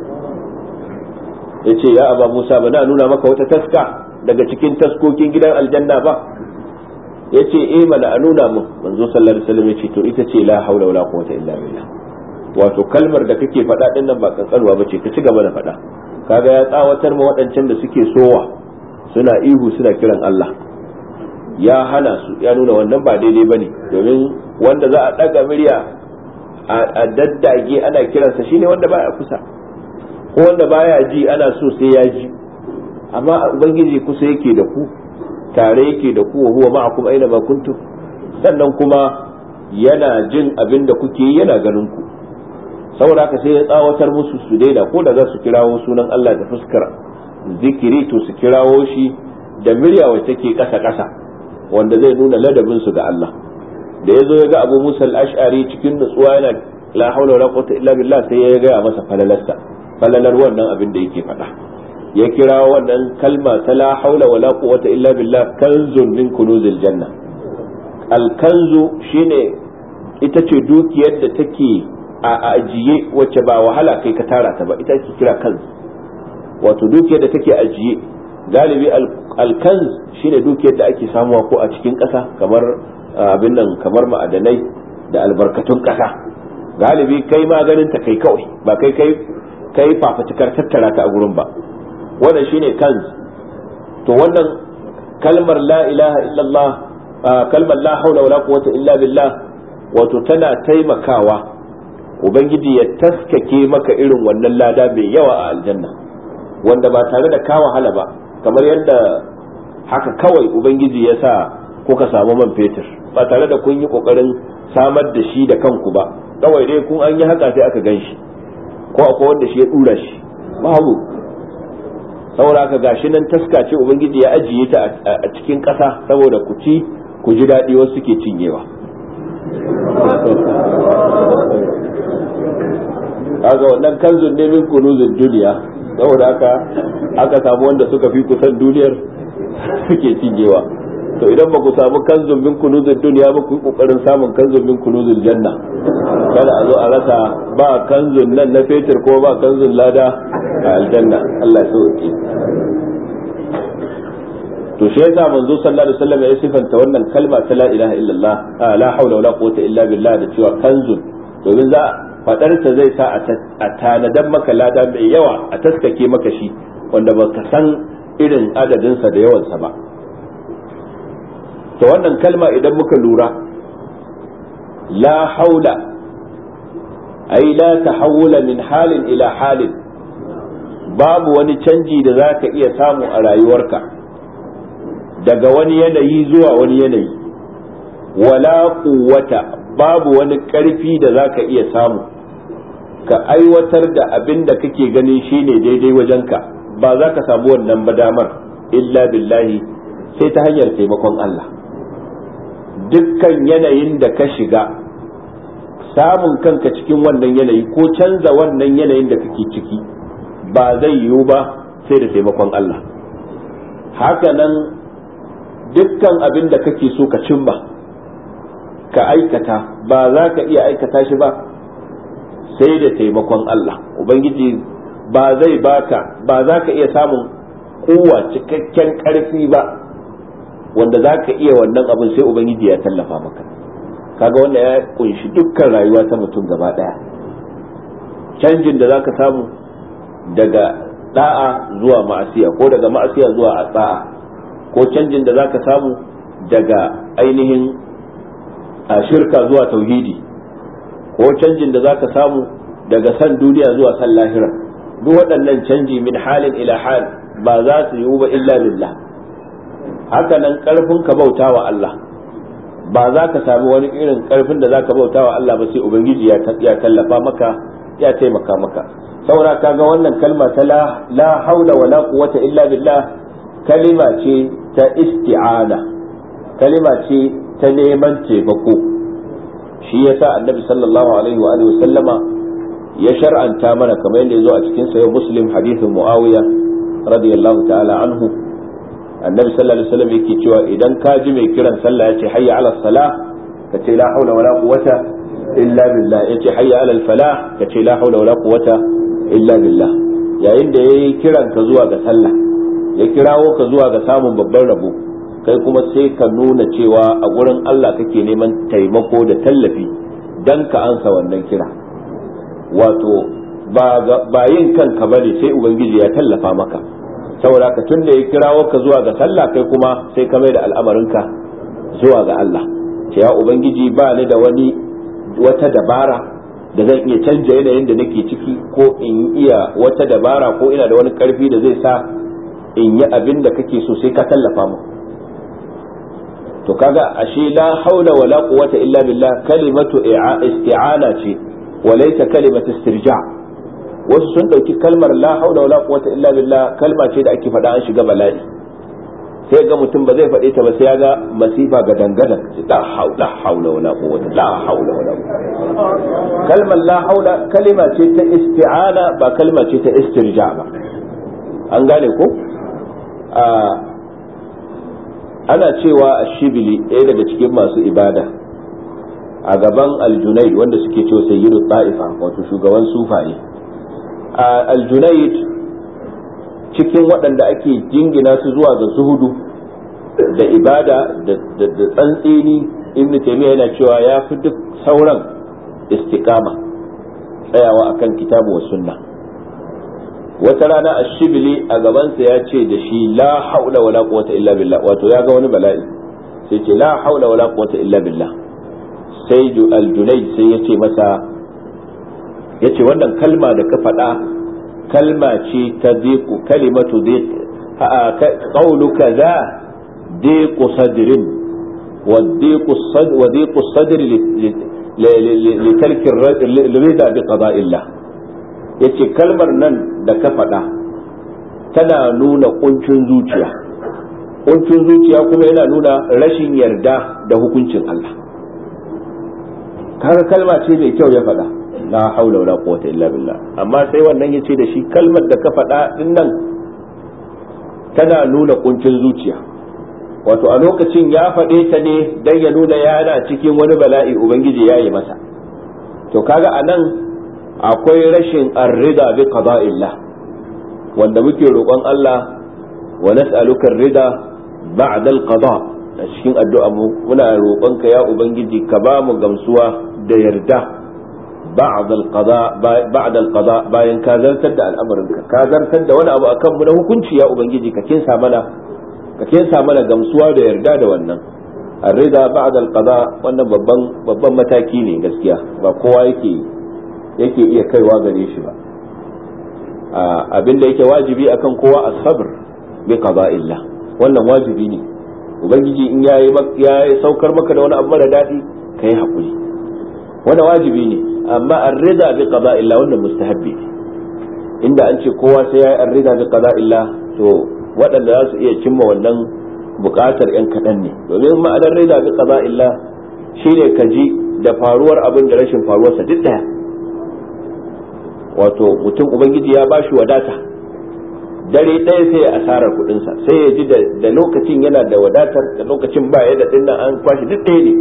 yace ya aba musa bana nuna maka wata taska daga cikin taskokin gidan aljanna ba yace e eh, mala a nuna mun manzo sallallahu alaihi wasallam yace to ita ce la haula wala quwwata illa billah wato kalmar da kake faɗa din nan ba kankanwa bace ka ci gaba da faɗa kaga ya tsawatar ma waɗancan da suke sowa suna ihu suna kiran Allah ya hana su ya nuna wannan ba daidai bane domin wanda za a daga murya a daddage ana kiransa shine wanda baya kusa ko wanda baya ji ana so sai ya ji amma ubangiji kusa yake da ku tare yake da kuwa huwa kuma aina ma kuntu? sannan kuma yana jin abin da kuke yi yana ganin ku saboda haka sai ya tsawatar musu su daina ko da za su kirawo sunan Allah da fuskar zikiri to su kirawo shi da murya wacce take kasa kasa wanda zai nuna ladabin su ga Allah da yazo ya ga Abu Musa al-Ash'ari cikin nutsuwa yana la hawla wala quwwata illa billah sai ya ga masa falalarsa falalar wannan abin da yake faɗa ya kira wannan kalma ta la haula wala quwwata illa billah kanzun min kunuzil janna alkanzu shine ita ce dukiyar da take a ajiye wacce ba wahala kai ka tara ta ba ita ake kira kanzu wato dukiyar da take ajiye galibi alkanz shine dukiyar da ake samuwa ko a cikin ƙasa kamar abin nan kamar ma'adanai da albarkatun ƙasa galibi kai maganin ta kai kawai ba kai kai kai fafatukar tattara ta a gurin ba wannan shine kanz to wannan kalmar la ilaha illallah kalmar la haula wala quwwata illa billah wato tana taimakawa ubangiji ya taskake maka irin wannan lada mai yawa a aljanna wanda ba tare da ka wahala ba kamar yadda haka kawai ubangiji ya sa kuka samu man fetur ba tare da kun yi kokarin samar da shi da kanku ba kawai dai kun an yi haka sai aka gan shi ko akwai wanda shi ya dura shi babu saboda haka gashi nan taska ce ubangiji ya ajiye ta a cikin ƙasa saboda ku ci ku ji daɗi wasu suke cinyewa kaga wannan kanzun ne min kunuzin duniya saboda haka aka samu wanda suka fi kusan duniyar suke cinyewa to idan ba ku samu kanzun min kunuzin duniya ba ku yi kokarin samun kanzun min kunuzin janna kada a zo a rasa ba kanzun nan na fetur ko ba kanzun lada a aljanna Allah ya sauke to shi yasa manzo sallallahu alaihi wasallam ya sifanta wannan kalma ta la ilaha illallah la hawla wala quwwata illa billah da cewa kanzun domin za fadar ta zai sa a tanadan maka lada mai yawa a taskake maka shi wanda ba ka san irin adadinsa da yawansa ba to wannan kalma idan muka lura la haula ai la tahawula min halin ila halin babu wani canji da za ka iya samu a rayuwarka daga wani yanayi zuwa wani yanayi wala quwwata babu wani ƙarfi da za ka iya samu ka aiwatar da abin da kake ganin shine daidai wajenka ba za ka samu wannan ba damar illa billahi sai ta hanyar taimakon Allah dukkan yanayin da ka shiga samun kanka cikin wannan yanayi ko canza wannan yanayin da kake ciki ba zai yiwu ba sai da taimakon Allah haka nan dukkan abin da kake so ka cimma ka aikata ba za ka iya aikata shi ba sai da taimakon Allah ubangiji ba zai baka ba za ka iya samun kowa cikakken ƙarfi ba wanda za ka iya wannan abin sai ubangiji ya tallafa maka kaga wanda ya kunshi dukkan rayuwa ta mutum gaba daya canjin da za ka samu daga da'a zuwa ma'asiya ko daga ma'asiya zuwa a da'a ko canjin da za ka samu daga ainihin a shirka zuwa tauhidi ko canjin da za ka samu daga san duniya zuwa san lahira duk waɗannan canji min halin ila hal ba za su yiwu ba illa lillah haka nan karfin ka bauta wa Allah ba za ka sami wani irin karfin da za ka bauta wa Allah ba sai ubangiji ya tallafa maka ya taimaka maka saura kaga wannan kalma ta la haula wala quwwata illa billah kalima ce ta isti'ana kalima ce ta neman taimako shi yasa annabi sallallahu alaihi wa sallama ya shar'anta mana kamar yadda ya zo a cikin sayo muslim hadithin muawiya radiyallahu ta'ala anhu annabi sallallahu alaihi wasallam yake cewa idan ka ji mai kiran sallah ce hayya ala salah ka ce la haula wala quwwata illa billah ce hayya ala falah ka ce la haula wala quwwata illa billah yayin da yayi kiran ka zuwa ga sallah ya kirawo ka zuwa ga samun babban rabo kai kuma sai ka nuna cewa a gurin Allah kake neman taimako da tallafi dan ka ansa wannan kira wato ba yin kanka bane sai ubangiji ya tallafa maka saboda ka tun da ya kirawo ka zuwa ga sallah kai kuma sai ka mai da al'amarinka zuwa ga Allah cewa ubangiji ba ni da wani wata dabara da zan iya canja yanayin da nake ciki ko in iya wata dabara ko ina da wani karfi da zai sa in yi abin da kake so sai ka tallafa mu to kaga ashe la haula wala quwwata illa billah kalimatu isti'ana ce walaysa kalimatu istirja' wasu sun ɗauki kalmar la haula wala quwwata illa billah kalma ce da ake faɗa an shiga bala'i sai ga mutum ba zai faɗe ta ba sai ya ga masifa ga dangadan la haula haula wala quwwata la haula wala kalmar la haula kalma ce ta isti'ana ba kalma ce ta istirja ba an gane ko ana cewa a shibili ɗaya daga cikin masu ibada a gaban aljunai wanda suke cewa sayyidu ta'ifa wato shugaban sufaye aljunaid cikin waɗanda ake jingina su zuwa ga zuhudu da ibada da tsantseni, inda taymiya yana cewa ya fi duk sauran istiqama tsayawa akan kitabu wa sunna wata rana a shibili a gabansa ya ce da shi la haula wala quwwata illa billah wato ya ga wani bala'i sai ce la haula wala quwwata illa billah sai aljunai sai ya ce masa yace wannan kalma da ka faɗa kalma ce ta diku kalimatu diq qawluka za diqu sadrin wa diqu sadr wa diqu sadr li tarki rida bi qada'illah yace kalmar nan da ka faɗa tana nuna kuncin zuciya kuncin zuciya kuma yana nuna rashin yarda da hukuncin Allah kaga kalma ce mai kyau ya faɗa la haula wala quwwata illa billah amma sai wannan yace da shi kalmar da ka faɗa din nan tana nuna kuncin zuciya wato a lokacin ya faɗe ta ne dan ya nuna yana cikin wani bala'i ubangiji ya yi masa to kaga anan akwai rashin arrida bi qada'illah wanda muke roƙon Allah wa nas'aluka arrida ba'da al-qada' a cikin addu'a mu muna roƙonka ya ubangiji ka ba mu gamsuwa da yarda ba'da alqada bayan ka zartar da al'amarinka ka zartar da wani abu akan mu na hukunci a ubangiji ka kinsa mana gamsuwa da yarda da wannan a ba'da alqada wannan babban mataki ne gaskiya ba kowa yake iya kaiwa gare shi ba abin da yake wajibi akan kowa as-sabr bi illa wannan wajibi ne ubangiji in yayi ya saukar maka da wani abu da dadi kai hakuri Wani wajibi ne amma ar-rida bi qada'illah wannan mustahabbi inda an ce kowa sai yayi ar-rida bi illa, to waɗanda za su iya cimma wannan buƙatar yan kaɗan ne domin ma'anar rida bi illa shine ka ji da faruwar abin da rashin faruwarsa duk ɗaya. wato mutum ubangiji ya bashi wadata dare ɗaya sai ya asarar kuɗinsa sai ya ji da lokacin yana da wadatar da lokacin ba ya da ɗin an kwashi duk ɗaya ne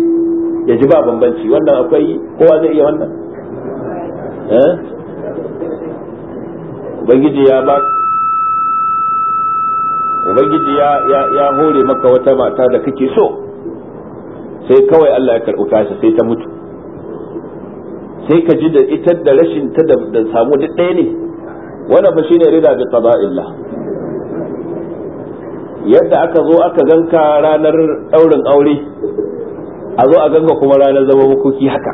ya ji ba bambanci wannan akwai kowa zai iya wannan eh? ubangiji ya ba ya hore maka wata mata da kake so sai kawai Allah ya karɓi kasa sai ta mutu sai ka ji da ita da rashin ta da samu duk ɗaya ne wannan ba shine rida da qada'illah yadda aka zo aka ganka ranar ɗaurin aure a zo a ganga kuma ranar zama makoki haka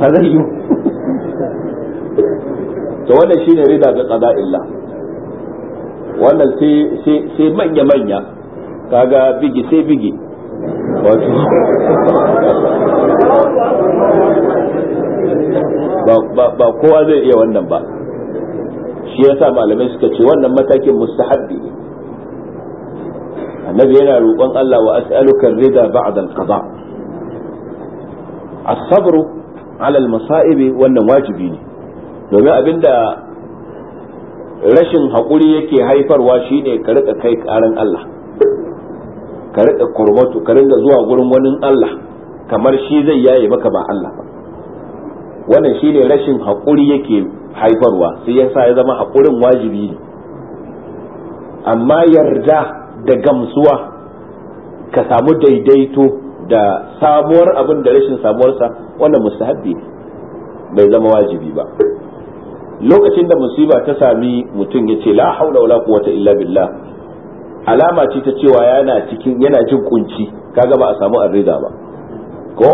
ba zai yi to wannan ne rida ga illa, wannan sai sai manya manya kaga bigi sai bigi wato ba kowa zai iya wannan ba shi ya sa malamai suka ce wannan matakin mustahabbi annabi yana roƙon Allah wa as'aluka rida ba'dal qada as-sabru ala al wannan wajibi ne domin abinda rashin haƙuri yake haifarwa shine ka rika kai ƙaran Allah ka rika kurmatu ka riƙa zuwa gurin wani Allah kamar shi zai yaye maka ba Allah wannan shine rashin haƙuri yake haifarwa sai yasa ya zama haƙurin wajibi ne amma yarda da gamsuwa ka samu daidaito da samuwar abin da rashin samuwarsa wannan mustahabbi bai zama wajibi ba lokacin da musiba ta sami mutum ya ce la haula wala quwwata illa billah alama ce ta cewa yana cikin yana jin kunci kaga ba a samu arrida ba ko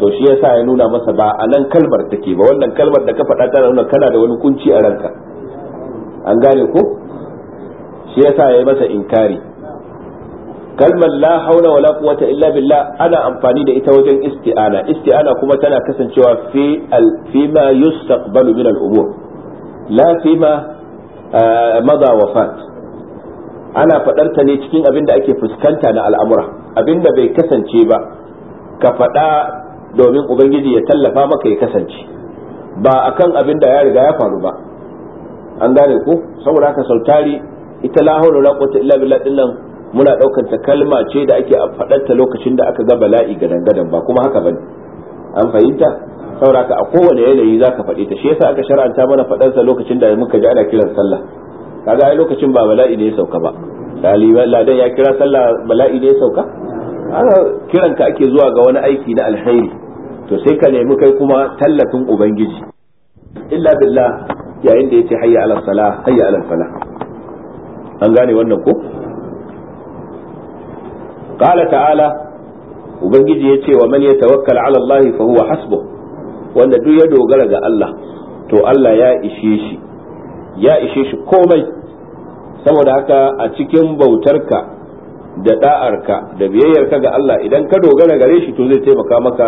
to shi yasa ya nuna masa ba a nan kalmar take ba wannan kalmar da ka faɗa tana nuna kana da wani kunci a ranka an gane ko shi yasa ya yi masa inkari kalmar la haula wala quwwata illa billah ana amfani da ita wajen isti'ana isti'ana kuma tana kasancewa fi al fi ma yustaqbalu min al umur la fi ma ah, wafat ana fadar ta ne cikin abin da ake fuskanta na al'amura abin da bai kasance ba ka fada domin ubangiji ya tallafa maka ya kasance ba akan abin da ya riga ya faru ba an gane ko saboda haka sautari ita la haula wala quwwata illa billah dinnan muna daukar ta kalma ce da ake faɗarta lokacin da aka ga bala'i ga dangadan ba kuma haka bane an fahimta sauraka a kowane yanayi za ka faɗi ta shi yasa aka shar'anta mana faɗarsa lokacin da muka ji ana kiran sallah kaga ai lokacin ba bala'i ne ya sauka ba ladan ya kira sallah bala'i ne ya sauka ana kiran ka ake zuwa ga wani aiki na alheri to sai ka nemi kai kuma tallafin ubangiji illa billah yayin da yace hayya ala salah hayya ala an gane wannan ko قال ta'ala ubangiji ya ce wa man yatawakkal ala Allah fa huwa hasbuh wanda duk ya dogara ga Allah to Allah ya ishe shi ya ishe shi komai saboda haka a cikin bautarka da da'arka da biyayyarka ga Allah idan ka dogara gare shi to zai taimaka maka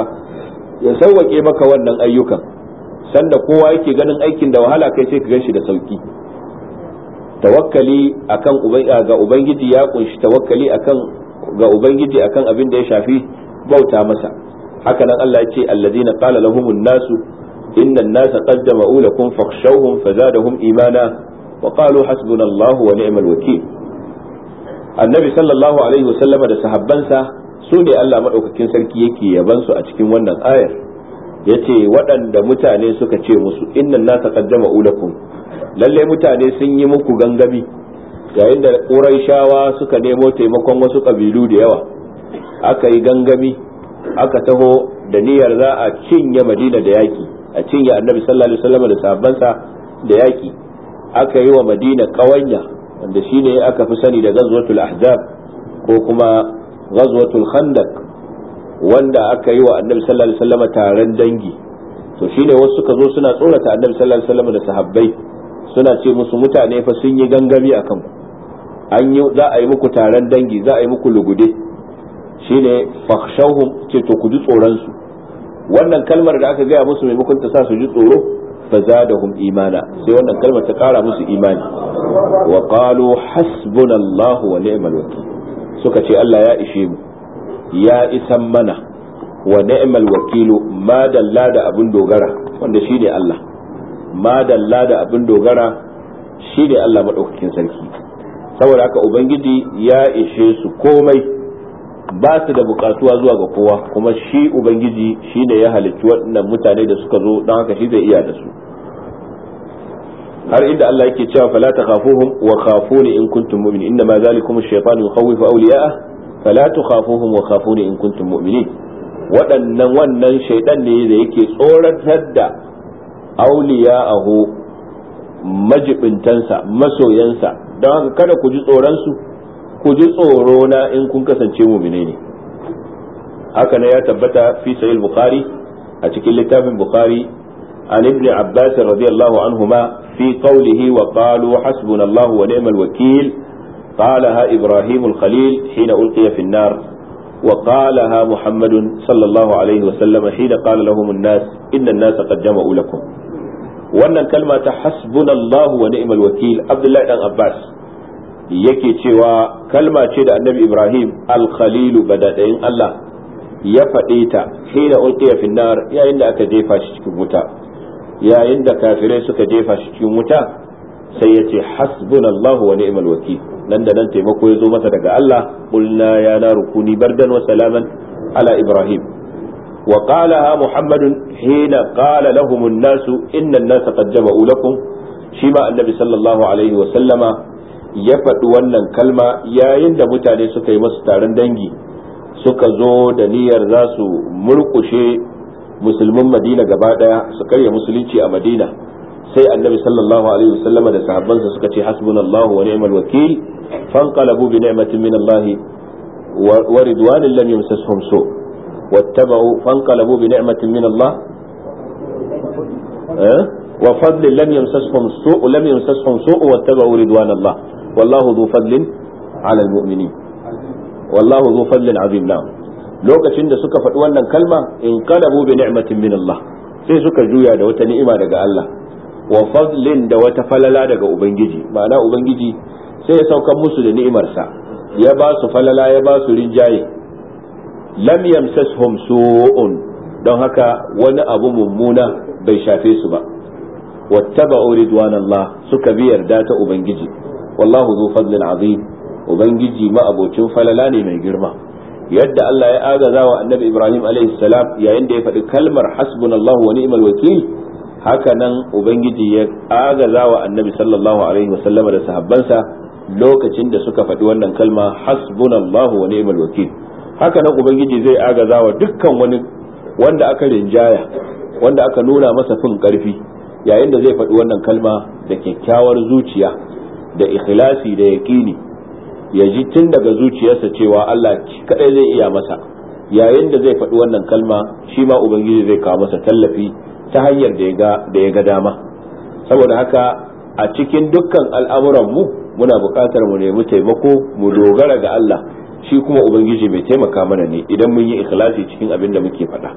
ya sauwake maka wannan ayyukan sanda kowa yake ganin aikin da wahala kai sai ka gan da sauki tawakkali akan ga ubangiji ya kunshi tawakkali akan ga ubangiji akan abin da ya shafi bauta masa haka nan Allah ya ce alladina qala lahumun nasu inna an-nasa qad jama'u lakum fakhshawhum fazadahum imana wa qalu hasbunallahu wa ni'mal wakeel annabi sallallahu alaihi wasallam da sahabbansa su ne Allah madaukakin sarki yake yaban su a cikin wannan ayar yace waɗanda mutane suka ce musu inna an-nasa qad jama'u lakum lalle mutane sun yi muku gangami yayin da ƙuraishawa suka nemo taimakon wasu ƙabilu da yawa aka yi gangami aka taho da niyyar za a cinye madina da yaki a cinye annabi sallallahu alaihi wasallam da sahabbansa da yaki aka yi wa madina ƙawanya wanda shine aka fi sani da ghazwatul ahzab ko kuma ghazwatul khandaq wanda aka yi wa annabi sallallahu alaihi wasallam taron dangi to shine wasu suka zo suna tsorata annabi sallallahu alaihi wasallam da sahabbai suna ce musu mutane fa sun yi gangami akan ku an yi za a yi muku taron dangi za a yi muku lugude shine fakhshawhum ce to ku ji tsoron su wannan kalmar da aka gaya musu maimakon ta sa su ji tsoro fa zadahum imana sai wannan kalmar ta kara musu imani wa qalu hasbunallahu wa ni'mal wakil suka ce Allah ya ishe mu ya isan mana wa ni'mal wakilu ma dalla da abin dogara wanda shine Allah ma dalla da abin dogara shine Allah madaukakin sarki saboda haka ubangiji ya ishe su komai ba su da bukatuwa zuwa ga kowa kuma shi ubangiji shi ne ya halicci waɗannan mutane da suka zo don haka shi zai iya da su har inda Allah yake cewa fala takhafuhum wa khafuni in kuntum mu'minin inna ma zalikum ash-shaytanu yukhawwifu awliya'a fala takhafuhum wa khafuni in kuntum mu'minin waɗannan wannan shaidan ne da yake tsoratar da awliya'ahu majibintansa masoyansa don haka kada ku ji tsoron ku ji tsoro na in kun kasance mu'mine ne haka ne ya tabbata fi sahih bukhari a cikin littafin bukhari an ibn abbas radiyallahu anhuma fi qawlihi wa qalu hasbunallahu wa ni'mal wakil قالها إبراهيم hina حين ألقي في النار وقالها محمد صلى الله عليه وسلم حين قال لهم الناس إن الناس قد جمعوا لكم wannan kalma ta hasbunallahu wa ni'mal wakil abdullahi dan abbas yake cewa kalma ce da annabi ibrahim al-khalilu badadayin allah ya faɗe ta hina ulqiya fi nar yayin da aka jefa shi cikin wuta yayin da kafirai suka jefa shi cikin wuta sai ya ce hasbunallahu wa ni'mal wakil nan da nan taimako ya zo masa daga allah qulna ya naru kuni bardan wa salaman ala ibrahim وقالها محمد حين قال لهم الناس إن الناس قد جمعوا لكم شما النبي صلى الله عليه وسلم يفد wannan kalma yayin da mutane suka yi masu taron dangi suka zo da niyyar za su murkushe musulmin madina gaba daya su karya musulunci a madina sai annabi sallallahu alaihi wasallama da sahabbansa suka ce hasbunallahu wa ni'mal wakil fanqalabu bi ni'matin min Allah wa ridwanin lam yamsashum su' واتبعوا فانقلبوا بنعمة من الله أه؟ وفضل لم يمسسهم سوء لم يمسسهم سوء واتبعوا رضوان الله والله ذو فضل على المؤمنين والله ذو فضل عظيم نعم lokacin da suka faɗi wannan kalma in kalabu bi ni'matin min Allah sai suka juya da wata ni'ima daga Allah wa fadlin da wata falala daga ubangiji ma'ana ubangiji sai ya saukan musu da ni'imarsa ya ba su falala ya ba su rinjaye lam yamsashum su'un don haka wani abu mummuna bai shafe su ba wattaba'u ridwanallah suka bi yarda ta ubangiji wallahu zu fadlin azim ubangiji ma abocin falala ne mai girma yadda Allah ya agaza wa annabi Ibrahim alaihi salam yayin da ya faɗi kalmar hasbunallahu wa ni'mal wakil haka nan ubangiji ya agaza wa annabi sallallahu alaihi wasallam da sahabbansa lokacin da suka faɗi wannan kalma hasbunallahu wa ni'mal wakil haka nan ubangiji zai agaza wa dukkan wani wanda aka rinjaya wanda aka nuna masa fin karfi yayin da zai faɗi wannan kalma da kyakkyawar zuciya da ikhlasi da yaƙini ya ji tun daga zuciyarsa cewa Allah kaɗai zai iya masa yayin da zai faɗi wannan kalma shi ma ubangiji zai kawo masa tallafi ta hanyar da ya ga dama saboda haka a cikin dukkan al'amuran mu muna buƙatar mu nemi taimako mu dogara ga Allah shi kuma ubangiji mai taimaka mana ne idan mun yi ikhlasi cikin abin da muke faɗa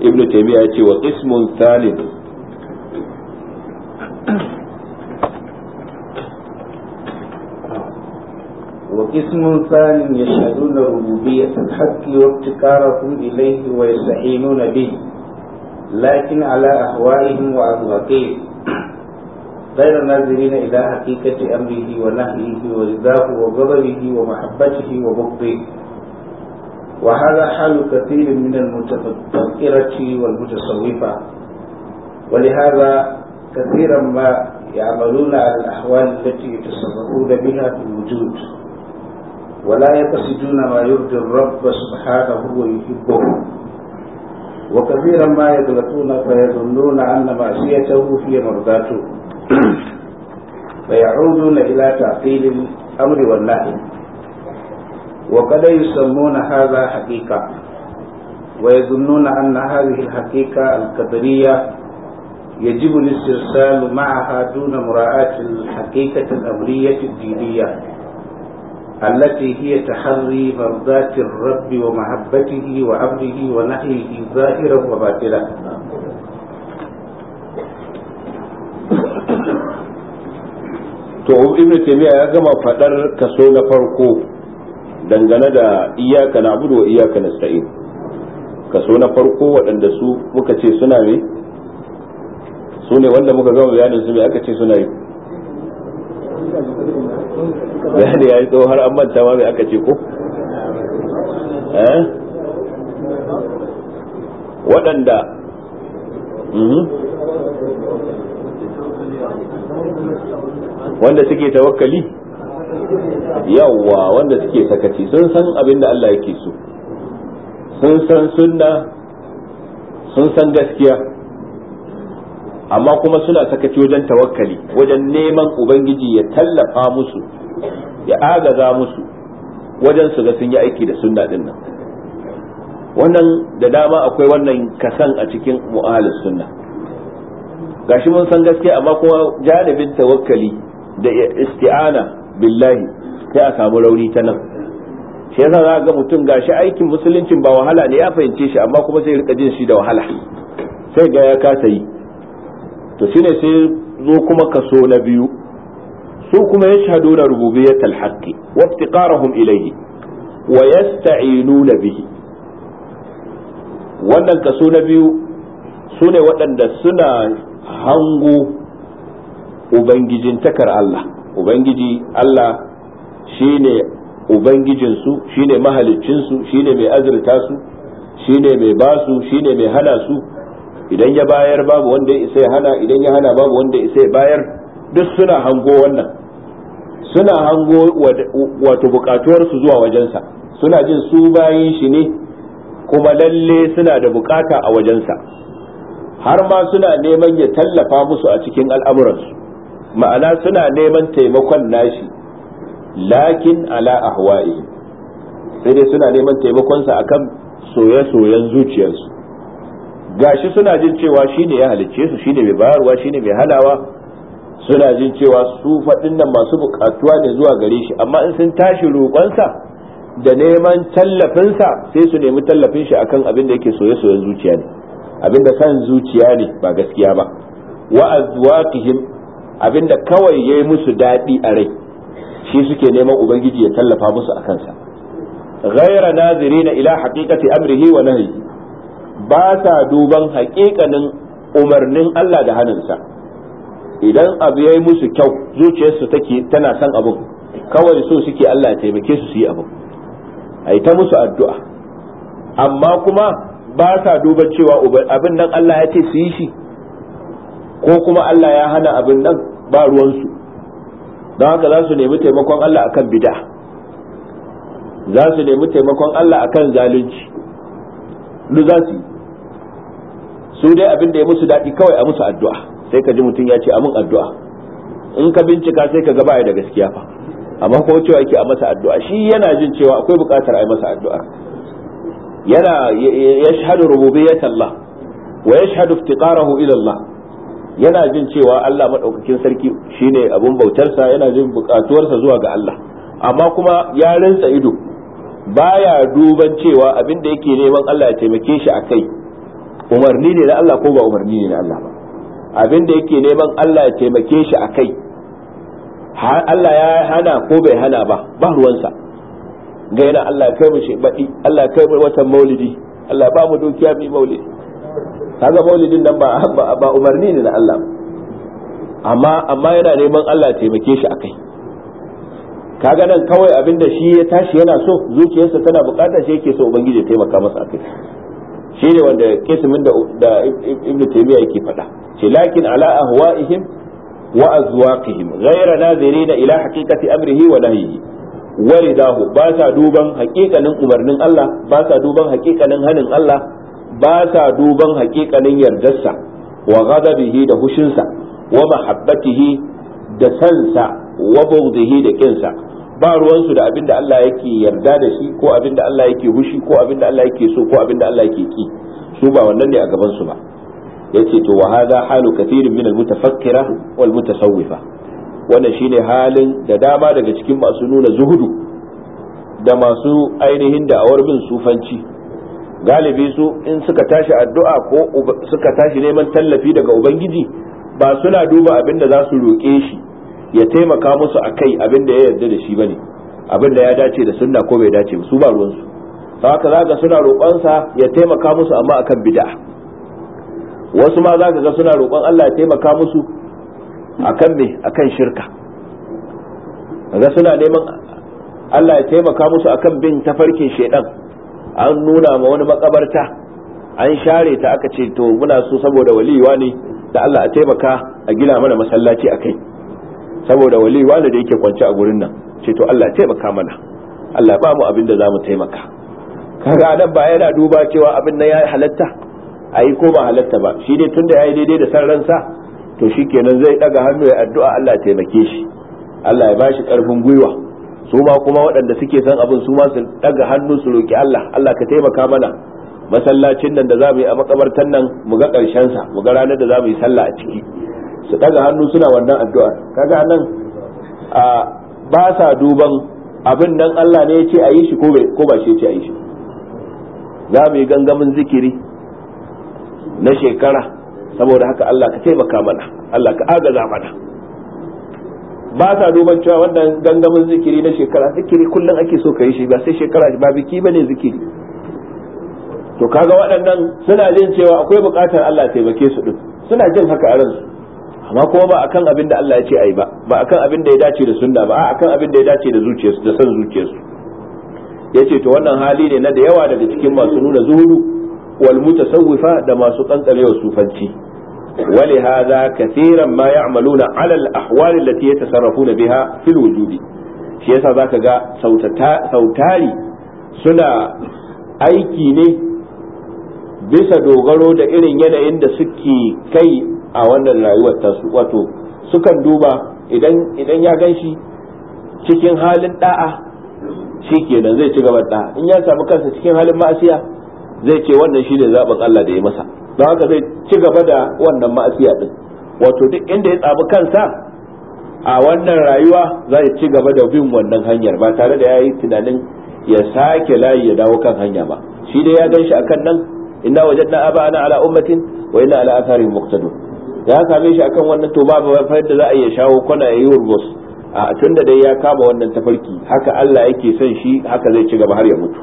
ibnu taymiya ya ce wa ismun thalith وقسم ثان يشهدون ربوبية الحق وابتكارهم إليه ويستعينون به لكن على أهوائهم وأذواقهم بين الناظرين إلى حقيقة أمره ونهيه ورضاه وغضبه ومحبته وبغضه وهذا حال كثير من المتفكرة والمتصوفة ولهذا كثيرا ما يعملون على الأحوال التي يتصرفون بها في الوجود ولا يقصدون ما يرضي الرب سبحانه ويحبه وكثيرا ما يغلطون فيظنون أن معصيته هي مرضاته فيعودون إلى تعطيل الأمر والنهي وقد يسمون هذا حقيقة ويظنون أن هذه الحقيقة القدرية يجب الاسترسال معها دون مراعاة الحقيقة الأمرية الدينية التي هي تحري مرضاة الرب ومحبته وعبده ونهيه ظاهرا وباطلا to ibn taymiya ya gama fadar kaso na farko dangane da iyyaka na'budu wa iyyaka nasta'in kaso na farko waɗanda su muka ce suna ne su ne wanda muka gama bayanin su me aka ce suna yi bayani ya yi tsawo har an manta ma me aka ce ko eh waɗanda mhm. wanda suke tawakkali yawwa wanda suke sakaci sun san abin da Allah yake so sun san sunna sun san gaskiya amma kuma suna sakaci wajen tawakkali wajen neman ubangiji ya tallafa musu ya agaza musu wajen su ga sun yi aiki da sunna din nan wannan da dama akwai wannan kasan a cikin mu'alis sunna gashi mun san gaskiya amma kuma jalibin tawakkali da isti'ana billahi sai a samu rauni ta nan shi yasa za ga mutum gashi aikin musuluncin ba wahala ne ya fahimce shi amma kuma sai rika jin shi da wahala sai ga ya kasa yi to shine sai zo kuma kaso na biyu su kuma ya da rububiyyatal haqqi wa iftiqarahum ilayhi wa yasta'inuna bihi wannan kaso na biyu su ne waɗanda suna hango Ubangijin takar Allah ubangiji Allah shine ubangijinsu shine mahaliccinsu shine mai azurta su shine mai basu shine mai hana su idan ya bayar babu wanda ya isa ya hana idan ya hana babu wanda ya isa ya bayar duk suna hango wannan suna hango wato bukatuwarsu zuwa wajensa suna jin su bayin shi ne kuma lalle suna da bukata a wajensa har ma suna neman ya tallafa musu a cikin al'amuransu ma'ana suna neman taimakon nashi lakin ala ahwa'i sai dai suna neman taimakonsa akan soye-soyen zuciyarsu gashi suna jin cewa shine ya halicce su shine mai bayarwa shine mai halawa suna jin cewa su faɗin nan masu buƙatuwa ne zuwa gare shi amma in sun tashi roƙonsa da neman tallafinsa sai su nemi tallafin shi akan abin da yake soye-soyen zuciya ne abin da san zuciya ne ba gaskiya ba wa azwaqihim abinda kawai ya yi musu daɗi a rai shi suke neman ubangiji ya tallafa musu a kansa ghaira nazirina ila haqiqati amrihi wa nahyi ba sa duban haƙiƙanin umarnin Allah da hannunsa idan abu ya musu kyau zuciyarsu take tana son abin kawai so suke Allah ya taimake su su yi abu. a ta musu addu'a amma kuma ba sa duban cewa abin nan Allah ya ce su yi shi ko kuma Allah ya hana abin nan ba ruwansu don haka za su nemi taimakon Allah akan bid'a za su nemi taimakon Allah akan zalunci duk za su su dai abin da ya musu daɗi kawai a musu addu'a sai ka ji mutum ya ce amin addu'a in ka bincika sai ka gaba da gaskiya fa amma ko cewa yake a masa addu'a shi yana jin cewa akwai buƙatar a yi masa addu'a yana yashhadu rububiyyat Allah wa yashhadu iftiqarahu ila Allah yana jin cewa Allah maɗaukakin sarki shine abun bautarsa yana jin sa zuwa ga Allah amma kuma ya rantsa ido baya duban cewa abin da yake neman Allah ya taimake shi a kai umarni ne na Allah ko ba umarni ne na Allah ba abin da yake neman Allah ya taimake shi a kai Allah ya hana ko bai hana ba ba ruwansa ga yana Allah kai mu shi baɗi Allah kai mu watan maulidi Allah ba mu dukiya mai maulidi kaga maulidin nan ba ba umarni ne na Allah amma amma yana neman Allah taimake shi akai kaga nan kawai abinda shi ya tashi yana so zuciyarsa tana bukata shi yake so ubangiji taimaka masa akai shi ne wanda kesimin da ibnu taymiya yake faɗa ce lakin ala ahwa'ihim wa azwaqihim ghayra nazirina ila haqiqati amrihi wa nahyihi ridahu ba sa duban haƙiƙanin umarnin Allah ba sa duban haƙiƙanin hanin Allah ba ta duban haƙiƙanin yardarsa wa ghadabihi da hushinsa wa mahabbatihi da sansa wa bughdihi da kinsa ba ruwansu da abinda Allah yake yarda da shi ko abinda Allah yake hushi ko abinda Allah yake so ko abinda Allah yake ki su ba wannan ne a gaban su ba yace to wa hadha halu kathirin min almutafakkira wal wannan shine halin da dama daga cikin masu nuna zuhudu da masu ainihin da awar bin sufanci galibi su in suka tashi addu'a ko suka tashi neman tallafi daga ubangiji ba suna duba abin da za su roƙe shi ya taimaka musu akai abin da ya yarda da shi bane abin da ya dace da sunna ko bai dace su ba ruwan su haka zaka suna roƙonsa ya taimaka musu amma akan bid'a wasu ma zaka ga suna roƙon Allah ya taimaka musu akan me akan shirka ga suna neman Allah ya taimaka musu akan bin tafarkin shaidan an nuna ma wani makabarta an share ta aka ce to muna so saboda waliwa ne da Allah a taimaka a gina mana masallaci a kai saboda waliwa ne da yake kwance a gurin nan ce to Allah taimaka mana Allah ba mu abin da za mu taimaka kaga nan ba yana duba cewa abin nan ya halatta a ko ba halatta ba shi ne tunda yayi daidai da san ransa to shikenan zai daga hannu ya addu'a Allah taimake shi Allah ya bashi karfin gwiwa su ma kuma waɗanda suke son abin su ma su daga hannu su roki Allah Allah ka taimaka mana masallacin nan da za mu yi a makabartan nan mu ga ƙarshen sa mu ga ranar da za mu yi sallah a ciki su daga hannu suna wannan addu'a kaga nan a ba sa duban abin nan Allah ne ya ce a yi shi ko ba shi ya ce a yi shi za mu yi gangamin zikiri na shekara saboda haka Allah ka taimaka mana Allah ka agaza mana ba sa duban cewa wannan gangamin zikiri na shekara zikiri kullum ake so ka yi shi ba sai shekara ba biki ba ne zikiri to kaga waɗannan suna jin cewa akwai buƙatar Allah taimake su din suna jin haka a ransu amma kuma ba akan abin da Allah ya ce ai ba ba akan abin da ya dace da sunna ba akan abin da ya dace da zuciyarsu da san zuciyarsu yace to wannan hali ne na da yawa daga cikin masu nuna zuhudu, wal mutasawwifa da masu kankarewa sufanci ولهذا كثيرا ما يعملون على الأحوال التي يتصرفون بها في الوجود shi yasa zaka ga sautari suna aiki ne bisa dogaro da irin yanayin da suke kai a wannan rayuwar tasu wato sukan duba idan idan ya ganshi cikin halin da'a shi kenan zai ci gaban da'a in ya samu kansa cikin halin ma'asiya zai ce wannan shine zaben Allah da ya masa don haka zai ci gaba da wannan ma'asiya din wato duk inda ya tsabi kansa a wannan rayuwa za ya ci gaba da bin wannan hanyar ba tare da ya yi tunanin ya sake layi ya dawo kan hanya ba shi dai ya gan shi akan nan inna wajadna abana ala ummatin wa inna ala athari muqtadun ya same shi akan wannan to babu fa da za a iya shawo kwana yayi wurbus a tunda dai ya kama wannan tafarki haka Allah yake son shi haka zai ci gaba har ya mutu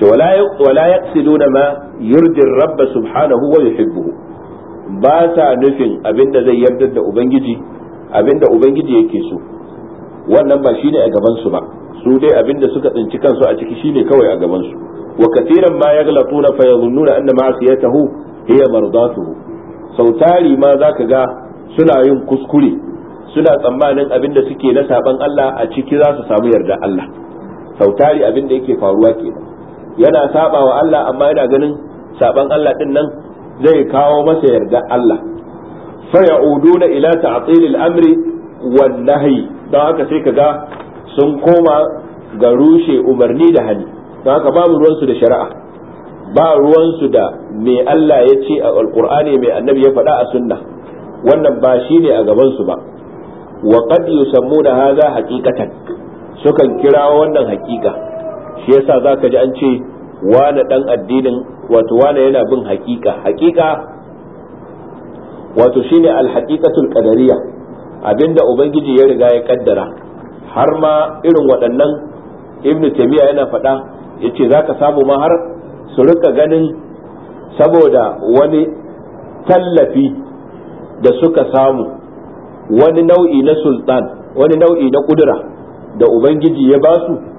ce wala yaqsiduna ma yurdin rabba subhanahu wa yuhibbuhu ba ta nufin abinda zai yarda da ubangiji abinda ubangiji yake so wannan ba shine a gaban su ba su dai abinda suka tsinci kansu a ciki shine kawai a gaban su wa katiran ma yaghlatuna fa yadhunnuna anna ma'siyatahu hiya mardatuhu sautari ma zaka ga suna yin kuskure suna tsammanin abinda suke na saban Allah a ciki za su samu yarda Allah sautari abinda yake faruwa kenan yana saba wa Allah amma yana ganin saban Allah din nan zai kawo masa yarda Allah fa ya'uduna ila ta'til al-amri wal nahyi don haka sai kaga sun koma ga rushe umarni da hali don haka babu ruwansu da shari'a ba ruwansu da me Allah ya ce a alkur'ani mai annabi ya faɗa a sunna wannan ba shi ne a gabansu ba wa qad yusammuna hadha haqiqatan sukan kira wannan haqiqa shi yasa ka ji an ce wane dan addinin wato wane yana bin hakika hakika wato shine alhaqiqatul ƙadariya abinda ubangiji ya riga ya kaddara har ma irin waɗannan ibnu taymiya yana faɗa ya yace zaka samu ma har su rika ganin saboda wani tallafi da suka samu wani nau'i na sultan wani nau'i na kudura da ubangiji ya basu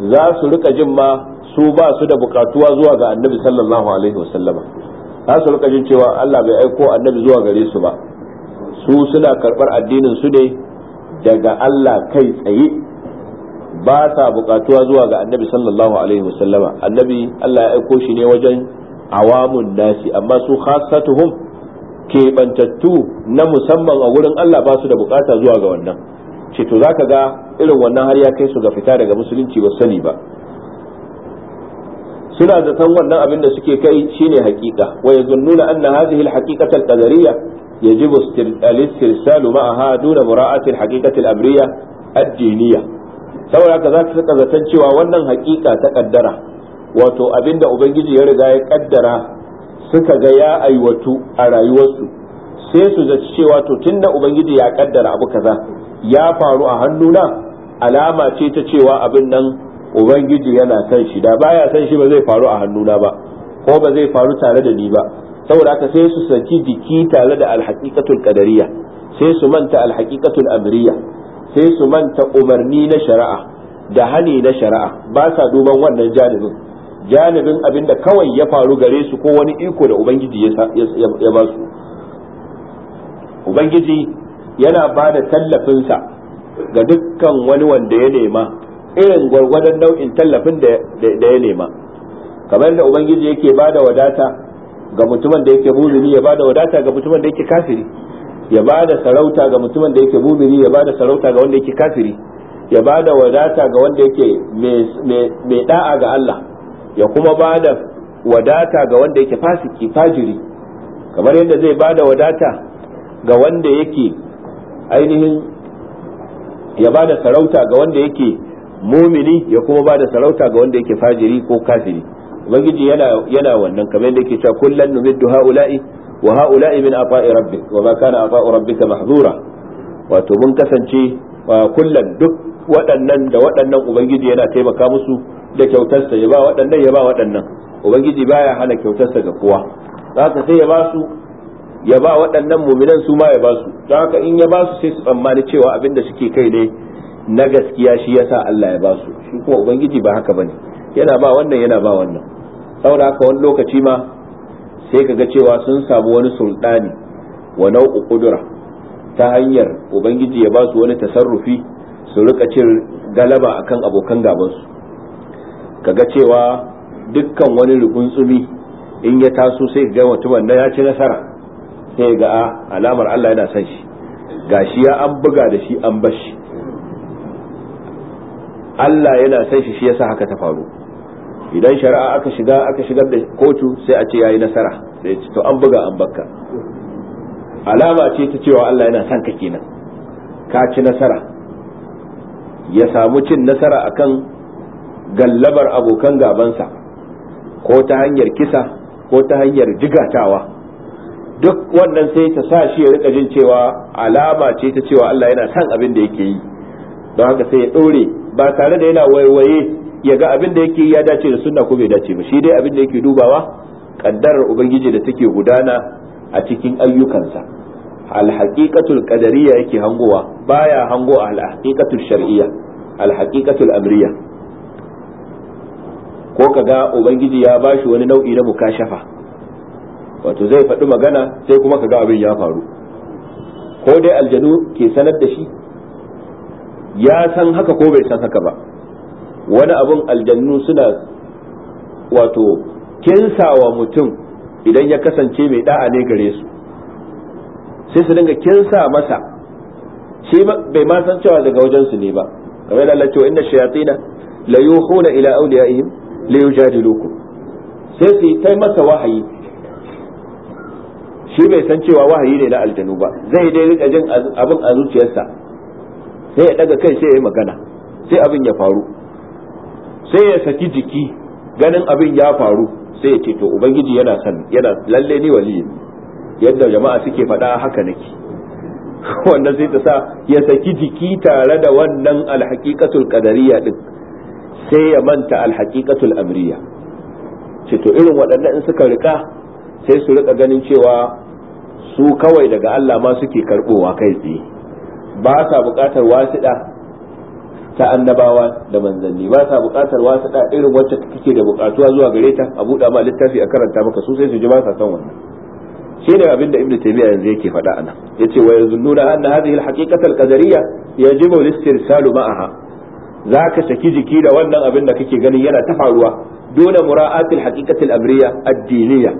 za su rika jin ma su ba su da bukatuwa zuwa ga annabi sallallahu alaihi wasallama za su rika jin cewa Allah bai aiko annabi zuwa gare su ba su suna karbar addinin su ne daga Allah kai tsaye ba sa bukatuwa zuwa ga annabi sallallahu alaihi wasallama annabi Allah ya aiko shi ne wajen awamun nasi amma su khassatuhum keɓantattu na musamman a wurin Allah ba su da bukata zuwa ga wannan ce to zaka ga irin wannan har ya kai su ga fita daga musulunci ba sani ba suna zaton wannan abin da suke kai shine haƙiƙa wa yazunnuna anna hadhihi al-haqiqata al-qadariyya yajibu al-istirsalu ma'aha duna mura'ati al-haqiqati al saboda haka zaka saka zaton cewa wannan hakika ta kaddara wato abinda ubangiji ya riga ya kaddara suka ga ya aiwatu a rayuwarsu sai su zaci cewa to tunda ubangiji ya kaddara abu kaza ya faru a hannuna alama ce ta cewa abin nan ubangiji yana san shi da baya san shi ba zai faru a hannuna ba ko ba zai faru tare da ni ba saboda haka sai su saki jiki tare da alhaqiqatul qadariyya sai su manta alhaqiqatul amriyya sai su manta umarni na shari'a da hani na shari'a ba sa duban wannan janibin janibin abin da kawai ya faru gare su ko wani iko da ubangiji ya ba su ubangiji yana ba da tallafinsa ga dukkan wani wanda ya nema irin gwargwadon nau'in tallafin da ya nema kamar yadda ubangiji yake ba da wadata ga mutumin da yake bubiri, ya ba da wadata ga mutumin da yake kafiri ya ba da sarauta ga mutumin da yake bubiri, ya ba da sarauta ga wanda yake kafiri ya ba da wadata ga wanda yake mai da'a ga Allah ya kuma ba da wadata ga wanda yake fasiki fajiri kamar yadda zai ba da wadata ga wanda yake ainihin ya ba da sarauta ga wanda yake mumini ya kuma ba da sarauta ga wanda yake fajiri ko kafiri ubangiji yana yana wannan kamar yadda yake cewa kullan numiddu haula'i wa haula'i min afa'i rabbik wa ma kana afa'u rabbika mahzura wato mun kasance kullan duk waɗannan da waɗannan ubangiji yana taimaka musu da kyautarsa ya ba waɗannan ya ba waɗannan ubangiji baya hana kyautarsa ga kowa za ka sai ya ba su ya ba waɗannan muminan su ma ya ba su don haka in ya ba su sai su tsammani cewa abin da suke kai ne na gaskiya shi yasa Allah ya ba su shi kuma ubangiji ba haka bane yana ba wannan yana ba wannan saboda haka wani lokaci ma sai kaga cewa sun samu wani sultani wa nau'u kudura ta hanyar ubangiji ya ba su wani tasarrufi su rika cin galaba akan abokan gabansu kaga cewa dukkan wani rubun tsumi in ya taso sai ga mutumin na ya ci nasara sai ga ah, alamar Allah yana son shi gashi ya an buga da shi an bar shi Allah yana son shi shi yasa haka ta faru idan shari'a aka shiga aka shigar da kotu sai a ce yayi nasara sai to an buga an bakka alama ce ta cewa Allah yana son ka kenan ka ci nasara ya samu cin nasara akan gallabar abokan gabansa ko ta hanyar kisa ko ta hanyar jigatawa duk wannan sai ta sa shi ya rika jin cewa alama ce ta cewa Allah yana san abin da yake yi don haka sai ya dore ba tare da yana waiwaye ya ga abin da yake ya dace da sunna ko bai dace ba shi dai abin da yake dubawa kaddarar ubangiji da take gudana a cikin ayyukansa alhaqiqatul qadariyya yake hangowa baya hango alhaqiqatul shar'iyya alhaqiqatul amriyya ko kaga ubangiji ya bashi wani nau'i na mukashafa wato zai faɗi magana sai kuma ka ga abin ya faru ko dai aljanu ke sanar da shi ya san haka ko bai san haka ba wani abun aljannu suna wato kinsawa mutum idan ya kasance mai da'a ne gare su sai su dinga kinsa masa shi bai ma san cewa daga wajen su ne ba kamar da Allah cewa inna shayatina la yuhuna ila awliyaihim li sai su yi masa wahayi shi bai san cewa wahayi ne na aljanu ba zai dai rika jin abin a zuciyarsa sai ya daga kai sai ya yi magana sai abin ya faru sai ya saki jiki ganin abin ya faru sai ya ce to ubangiji yana san yana lalle ni waliyin yadda jama'a suke faɗa haka nake wannan sai ta sa ya saki jiki tare da wannan alhaqiqatul qadariyya din sai ya manta alhaqiqatul amriya. ce to irin waɗannan in suka rika sai su rika ganin cewa su kawai daga Allah ma suke karbowa kai tsaye ba sa buƙatar wasiɗa ta annabawa da manzanni ba sa buƙatar wasiɗa irin wacce kake da buƙatuwa zuwa gare ta a buɗa ma littafi a karanta maka su sai su ji ba sa son wannan shi ne abin da ibnu taymiya yanzu yake faɗa anan yace wa nuna anna hadhihi alhaqiqata alqadariyya yajibu al ma'aha zaka saki jiki da wannan abin da kake ganin yana ta faruwa dole mura'atil haqiqatil amriya addiniya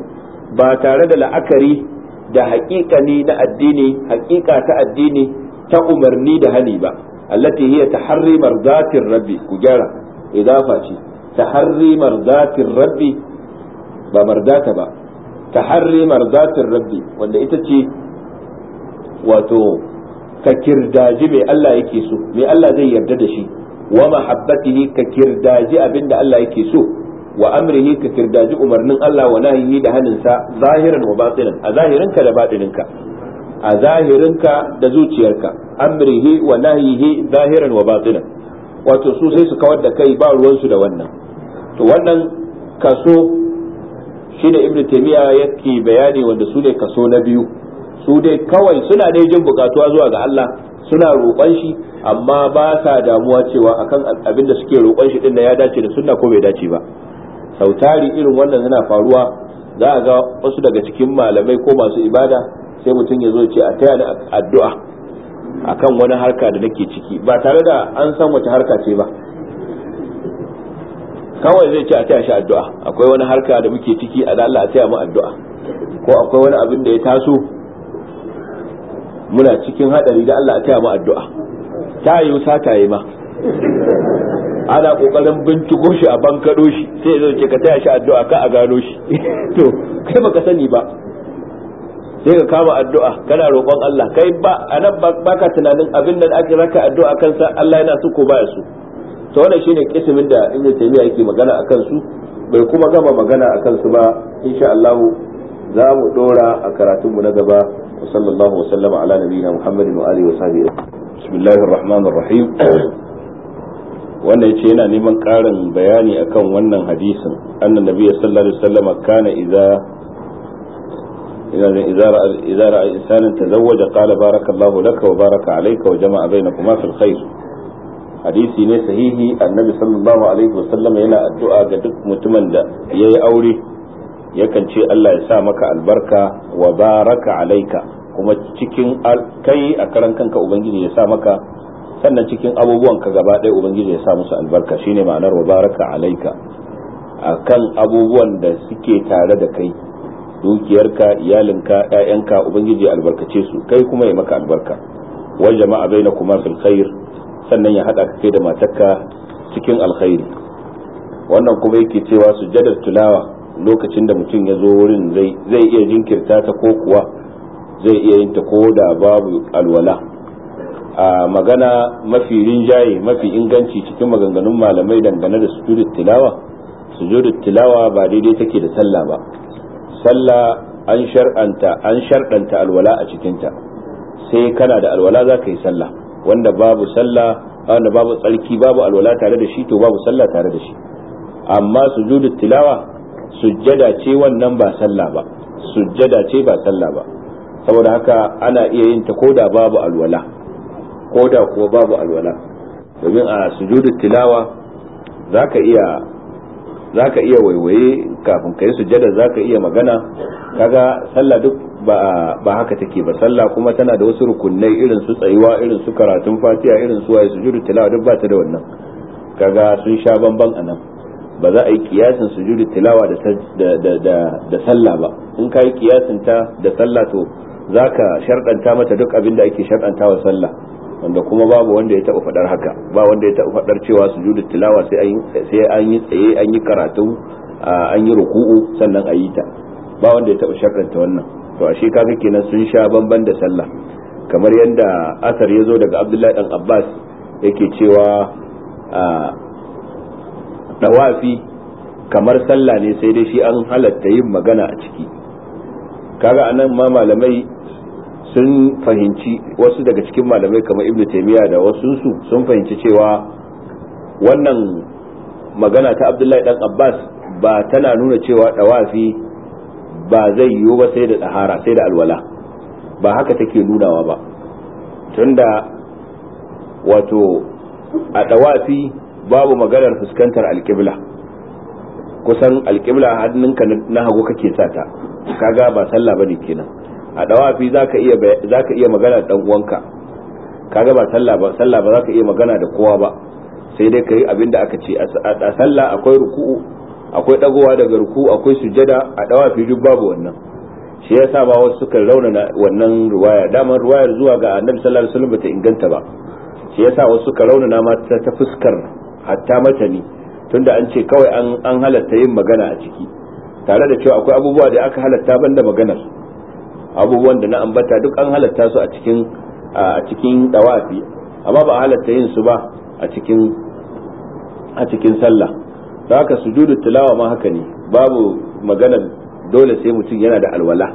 ba tare da la'akari da ne na addini haƙiƙa ta addini ta umarni da hali ba allati hiya taharri mardatir rabbi ku gyara idafa ce taharri mardatir rabbi ba mardata ba taharri mardatir rabbi wanda ita ce wato ka kirdaji mai Allah yake so mai Allah zai yarda da shi wa mahabbatihi ka kirdaji abinda Allah yake so wa amrihi ka kirdaji umarnin Allah wa nahyihi da haninsa zahiran wa batinan a zahirinka da batininka a zahirinka da zuciyarka amrihi wa nahyihi zahiran wa batinan wato su sai su kawar da kai ba ruwan su da wannan to wannan kaso shine ibn taymiya yake bayani wanda su ne kaso na biyu su dai kawai suna dai jin bukatuwa zuwa ga Allah suna roƙon shi amma ba sa damuwa cewa akan abinda suke roƙon shi din ya dace da sunna ko bai dace ba sautari irin wannan yana faruwa za a ga wasu daga cikin malamai ko masu ibada sai mutum ya zo ce a taya ni addu'a akan wani harka da nake ciki ba tare da an san wace harka ce ba kawai zai ce a taya shi addu'a akwai wani harka da muke ciki a da Allah a taya mu addu'a ko akwai wani abin da ya taso muna cikin hadari da Allah a taya mu addu'a ta yi ta yi ma ana kokarin binciko shi a bankado shi sai zai ce ka taya shi addu'a ka a gano shi to kai baka sani ba sai ka kama addu'a kana roƙon Allah kai ba anan baka tunanin abin da ake raka addu'a kansa Allah yana so ko baya so to wannan shine kisimin da Ibn ne yake magana akan su bai kuma gama magana akan su ba insha Allah za mu dora a karatunmu na gaba wa sallallahu wa sallama ala nabiyina Muhammadin wa alihi wa sahbihi bismillahir rahmanir rahim wannan ce yana neman ƙarin bayani akan wannan hadisin annan nabi sallallahu alaihi wasallam kana idza إذا إذا رأى إنسانا تزوج قال بارك الله لك وبارك عليك وجمع بينكما في الخير ne sahihi annabi sallallahu alaihi wasallam yana addu'a ga duk mutumin da ya yi aure yakan ce Allah ya sa maka albarka wa baraka alaika kuma cikin kai a karan kanka ubangiji ya sa maka sannan cikin abubuwan ka gaba ɗaya ubangiji ya sa musu albarka shine ma'anar wa baraka alaika akan abubuwan da suke tare da kai dukiyarka iyalinka ƴaƴanka ubangiji ya albarkace su kai kuma ya maka albarka wal jama'a bainakuma fil khair sannan ya hada ka kai da matarka cikin alkhairi wannan kuma yake cewa su sujjadar tulawa lokacin da mutum ya zo wurin zai iya jinkirta ta ko kuwa zai iya yin ta ko da babu alwala a magana mafi rinjaye mafi inganci cikin maganganun malamai dangane da sujudu tilawa sujudu tilawa ba daidai take da sallah ba sallah an shar'anta an shar'anta alwala a cikinta sai kana da alwala za ka yi sallah wanda babu sallah wanda babu tsarki babu alwala tare da shi to babu sallah tare da shi amma sujudu tilawa sujjada ce wannan ba sallah ba sujjada ce ba sallah ba saboda haka ana iya yin ta ko da babu alwala ko kuwa babu alwala domin a sujudu tilawa zaka iya zaka iya waiwaye kafin kai sujada zaka iya magana kaga sallah duk ba ba haka take ba sallah kuma tana da wasu rukunai irin su tsayuwa irin su karatun fatiha irin su waye sujudu tilawa duk ba ta da wannan kaga sun sha bamban anan ba za a yi kiyasin sujudu tilawa da da da da sallah ba in kai kiyasin ta da sallah to zaka sharɗanta mata duk abin da ake sharɗanta wa sallah wanda kuma babu wanda ya taɓa faɗar haka ba wanda ya taɓa faɗar cewa su judu tilawa sai an yi tsaye an yi karatu an yi ruku'u sannan a yi ta ba wanda ya taɓa shakanta wannan to ashe kaga kenan sun sha bamban da sallah kamar yadda asar ya zo daga abdullahi dan abbas yake cewa dawafi kamar sallah ne sai dai shi an halatta yin magana a ciki kaga anan ma malamai sun fahimci wasu daga cikin malamai kamar ibnu taymiya da wasu su sun fahimci cewa wannan magana ta abdullahi dan abbas ba tana nuna cewa dawafi ba zai yiwu ba sai da tsahara sai da alwala ba haka take nunawa ba tunda wato a dawafi babu maganar fuskantar alƙibla kusan alƙibla hannunka na hagu kake sata kaga ba sallah bane kenan a dawafi zaka iya zaka iya magana da dan uwanka kaga ba sallah ba sallah ba zaka iya magana da kowa ba sai dai kai abin da aka ce a sallah akwai ruku'u akwai dagowa daga ruku'u akwai sujada a dawafi duk babu wannan shi yasa ba wasu suka raunana wannan ruwaya daman ruwayar zuwa ga annabi sallallahu alaihi wasallam bata inganta ba shi yasa wasu suka raunana ma ta fuskar hatta mata ne tunda an ce kawai an halatta yin magana a ciki tare da cewa akwai abubuwa da aka halatta banda maganar abubuwan da na ambata duk an halatta su a cikin a cikin dawafi amma ba halatta yin su ba a cikin a cikin sallah da haka sujudu tilawa ma haka ne babu magana dole sai mutum yana da alwala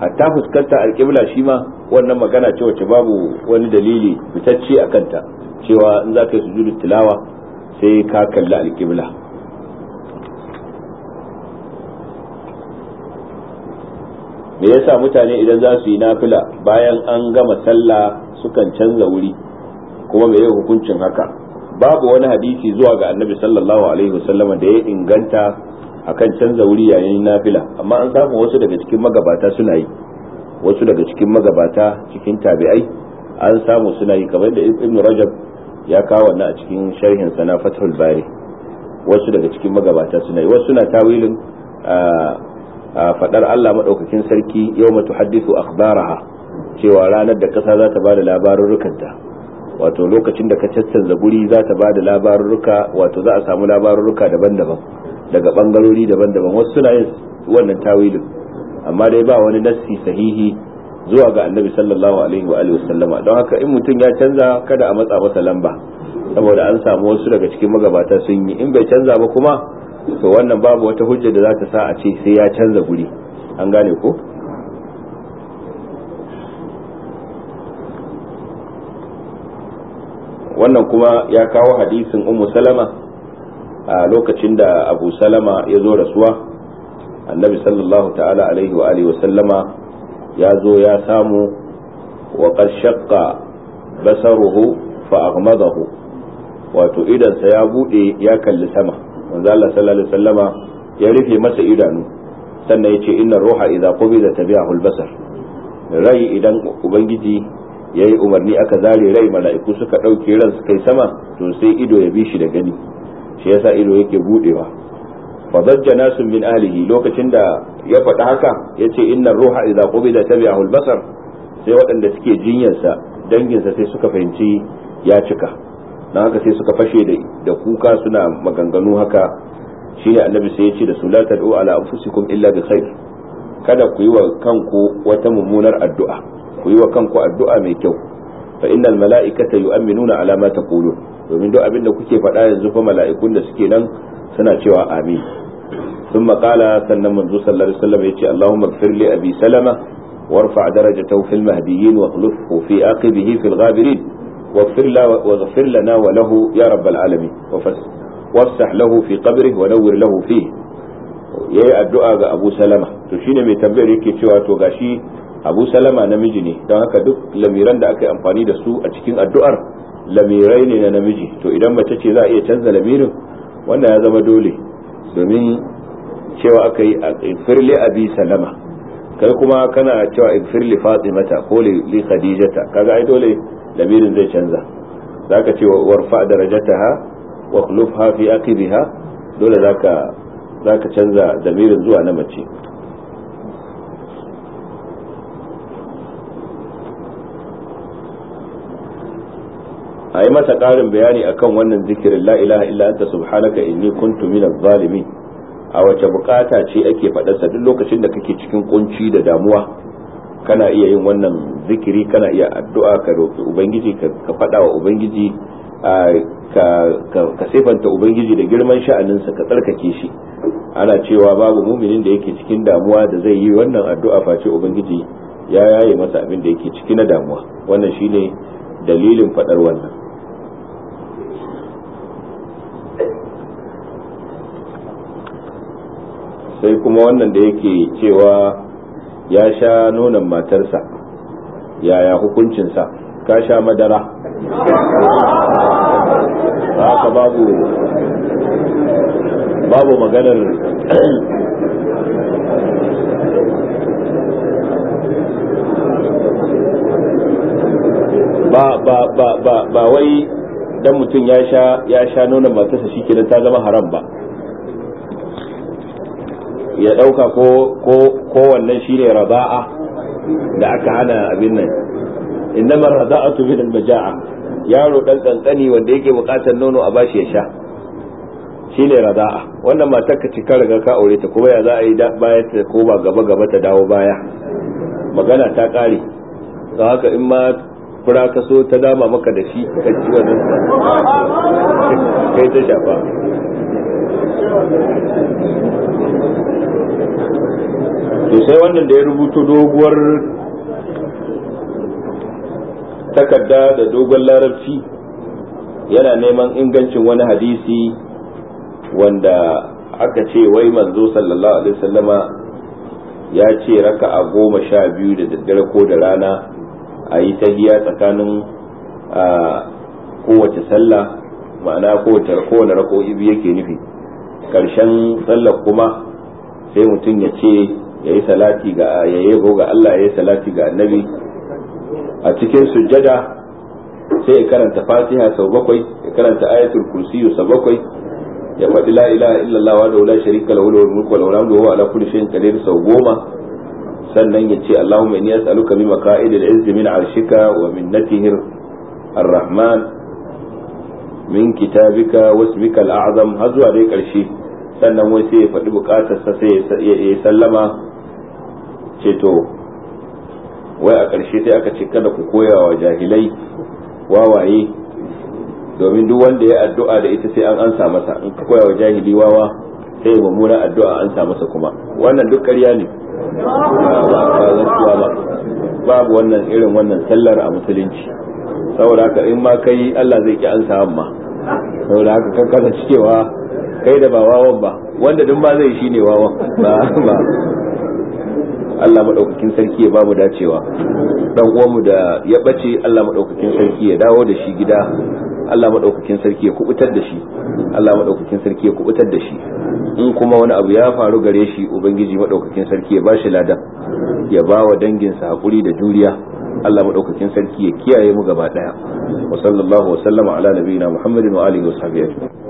hatta fuskanta alqibla shi ma wannan magana ce wacce babu wani dalili fitacce a kanta cewa in za ka yi sujudu tilawa sai ka kalli alqibla me yasa mutane idan za su yi nafila bayan an gama sallah sukan canza wuri kuma me hukuncin haka babu wani hadisi zuwa ga annabi sallallahu alaihi wasallam da ya inganta akan canza wuri yayin nafila amma an samu wasu daga cikin magabata suna yi wasu daga cikin magabata cikin tabi'ai an samu suna yi kamar da ibnu rajab ya kawo wannan a cikin sharhin sa fathul bari wasu daga cikin magabata suna yi wasu suna tawilin ah, fadar Allah madaukakin sarki yau matu haddisu akhbaraha cewa ranar da kasa za ta bada labarurrukanta wato lokacin da ka caccanza guri za ta bada labarurruka wato za a samu labarurruka daban-daban daga bangarori daban-daban wasu suna yin wannan tawilin amma dai ba wani nassi sahihi zuwa ga annabi sallallahu alaihi wa alihi wasallama don haka in mutum ya canza kada a matsa masa lamba saboda an samu wasu daga cikin magabata sun yi in bai canza ba kuma to wannan babu wata hujja da za ta sa a ce sai ya canza guri an gane ko wannan kuma ya kawo hadisin ummu salama a lokacin da abu salama ya zo rasuwa annabi sallallahu ta'ala alaihi wa alihi sallama ya zo ya samu wa qad shaqqa basaruhu fa aghmadahu wato idansa ya bude ya kalli sama manzo Allah sallallahu alaihi wasallama ya rufe masa idanu sannan ya ce inna ruha idza qubida tabi'ahu basar rai idan ubangiji ya yi umarni aka zare rai mala'iku suka ɗauke ran su kai sama to sai ido ya bi shi da gani shi yasa ido yake budewa fa zajja nasun min ahlihi lokacin da ya faɗi haka yace inna ruha idza qubida tabi'ahu al-basar sai waɗanda suke jinyarsa danginsa sai suka fahimci ya cika don haka sai suka fashe da kuka suna maganganu haka shine annabi sai ya ce da su la tad'u ala anfusikum illa bi khair kada ku yi wa kanku wata mummunar addu'a ku yi wa kanku addu'a mai kyau fa innal mala'ikata yu'minuna ala ma taqulun domin duk abin da kuke faɗa yanzu fa mala'ikun da suke nan suna cewa amin ثم قال سنة منذ صلى الله عليه وسلم يتي اللهم اغفر لأبي سلمة وارفع درجته في المهديين واخلفه في عقبه في الغابرين واغفر لنا وله يا رب العالمين وافتح له في قبره ونور له فيه yayi addu'a ga Abu Salama to shine mai tambayar yake cewa to gashi Abu Salama namiji ne don haka duk lamiran da aka yi amfani da su a cikin addu'ar lamirai ne na namiji to idan mace ce za a iya canza lamirin wannan ya zama dole domin cewa aka yi firli abi salama kai kuma kana cewa in firli fatimata ko li khadijata kaga ai dole lamirin zai canza zaka ce warfa darajataha wa khulufha fi aqibiha dole zaka zaka canza lamirin zuwa na mace a yi masa ƙarin bayani akan wannan zikirin la ilaha illa anta subhanaka inni kuntu minaz zalimi a wace bukata ce ake faɗarsa duk lokacin da kake cikin kunci da damuwa kana iya yin wannan zikiri kana iya addu'a ka roƙi ubangiji ka faɗa wa ubangiji ka sifanta ubangiji da girman sha'aninsa ka tsarkake shi ana cewa babu muminin da yake cikin damuwa da zai yi wannan addu'a face ubangiji ya yaye masa abin da yake ciki na damuwa wannan shine dalilin faɗar wannan sai kuma wannan da yake cewa ya sha nonon matarsa yaya hukuncinsa ka sha madara haka babu babu maganar ba ba ba ba wai dan mutum ya sha ya sha nonon matarsa shikenan ta zama haram ba ya ɗauka ko wannan shi ne raba'a da aka hana abin nan innama raza'a tu min maja'a yaro dan ƙanƙani wanda yake bukatar nono a bashi ya sha shine raza'a wannan matar ka cika riga ka aure ta kuma ya za a yi baya ta ko ba gaba gaba ta dawo baya magana ta kare don haka in ma fura ka so ta dama maka da shi ka ci wannan kai ta shafa to sai wannan da ya rubuto doguwar takarda da dogon larabci yana neman ingancin wani hadisi wanda aka ce wai manzo sallallahu alaihi wasallama ya ce raka a goma sha biyu da daddare ko da rana a yi tahiya tsakanin kowace sallah ma'ana kowace kowane rako'i biyu yake nufi ƙarshen sallar kuma sai mutum ya ce yayi salati ga yayebo ga Allah yayi salati ga annabi a cikin sujjada sai ya karanta fatiha sau bakwai ya karanta ayatul kursi sau bakwai ya faɗi la ilaha illallah wa la sharika lahu mulku wa hamdu wa ala kulli shay'in qadir sau goma sannan ya ce Allahumma inni as'aluka bi maqa'idil izzi min arshika wa min natihir arrahman min kitabika wasmika al'azam har zuwa dai karshe sannan wai sai ya faɗi bukatarsa sai ya sallama ce to wai a ƙarshe sai aka ce kada ku koya wa jahilai wawaye domin duk wanda ya addu'a da ita sai an ansa masa in ka koya wa jahili wawa sai mummunan addu'a an sa masa kuma wannan duk ƙarya ne babu wannan irin wannan sallar a musulunci saboda haka in ma kai Allah zai ki ansa amma saboda haka kan kasa cikewa kai da ba wawan ba wanda duk ma zai shine wawan ba Allah madaukakin sarki ya bamu dacewa dan uwanmu da ya bace Allah madaukakin sarki ya dawo da shi gida Allah madaukakin sarki ya kubutar da shi Allah madaukakin sarki ya kubutar da shi in kuma wani abu ya faru gare shi ubangiji madaukakin sarki ya bashi ladan ya bawa danginsa hakuri da juriya Allah madaukakin sarki ya kiyaye mu gaba daya wa sallallahu wa sallama ala nabiyina Muhammadin wa alihi wa sahbihi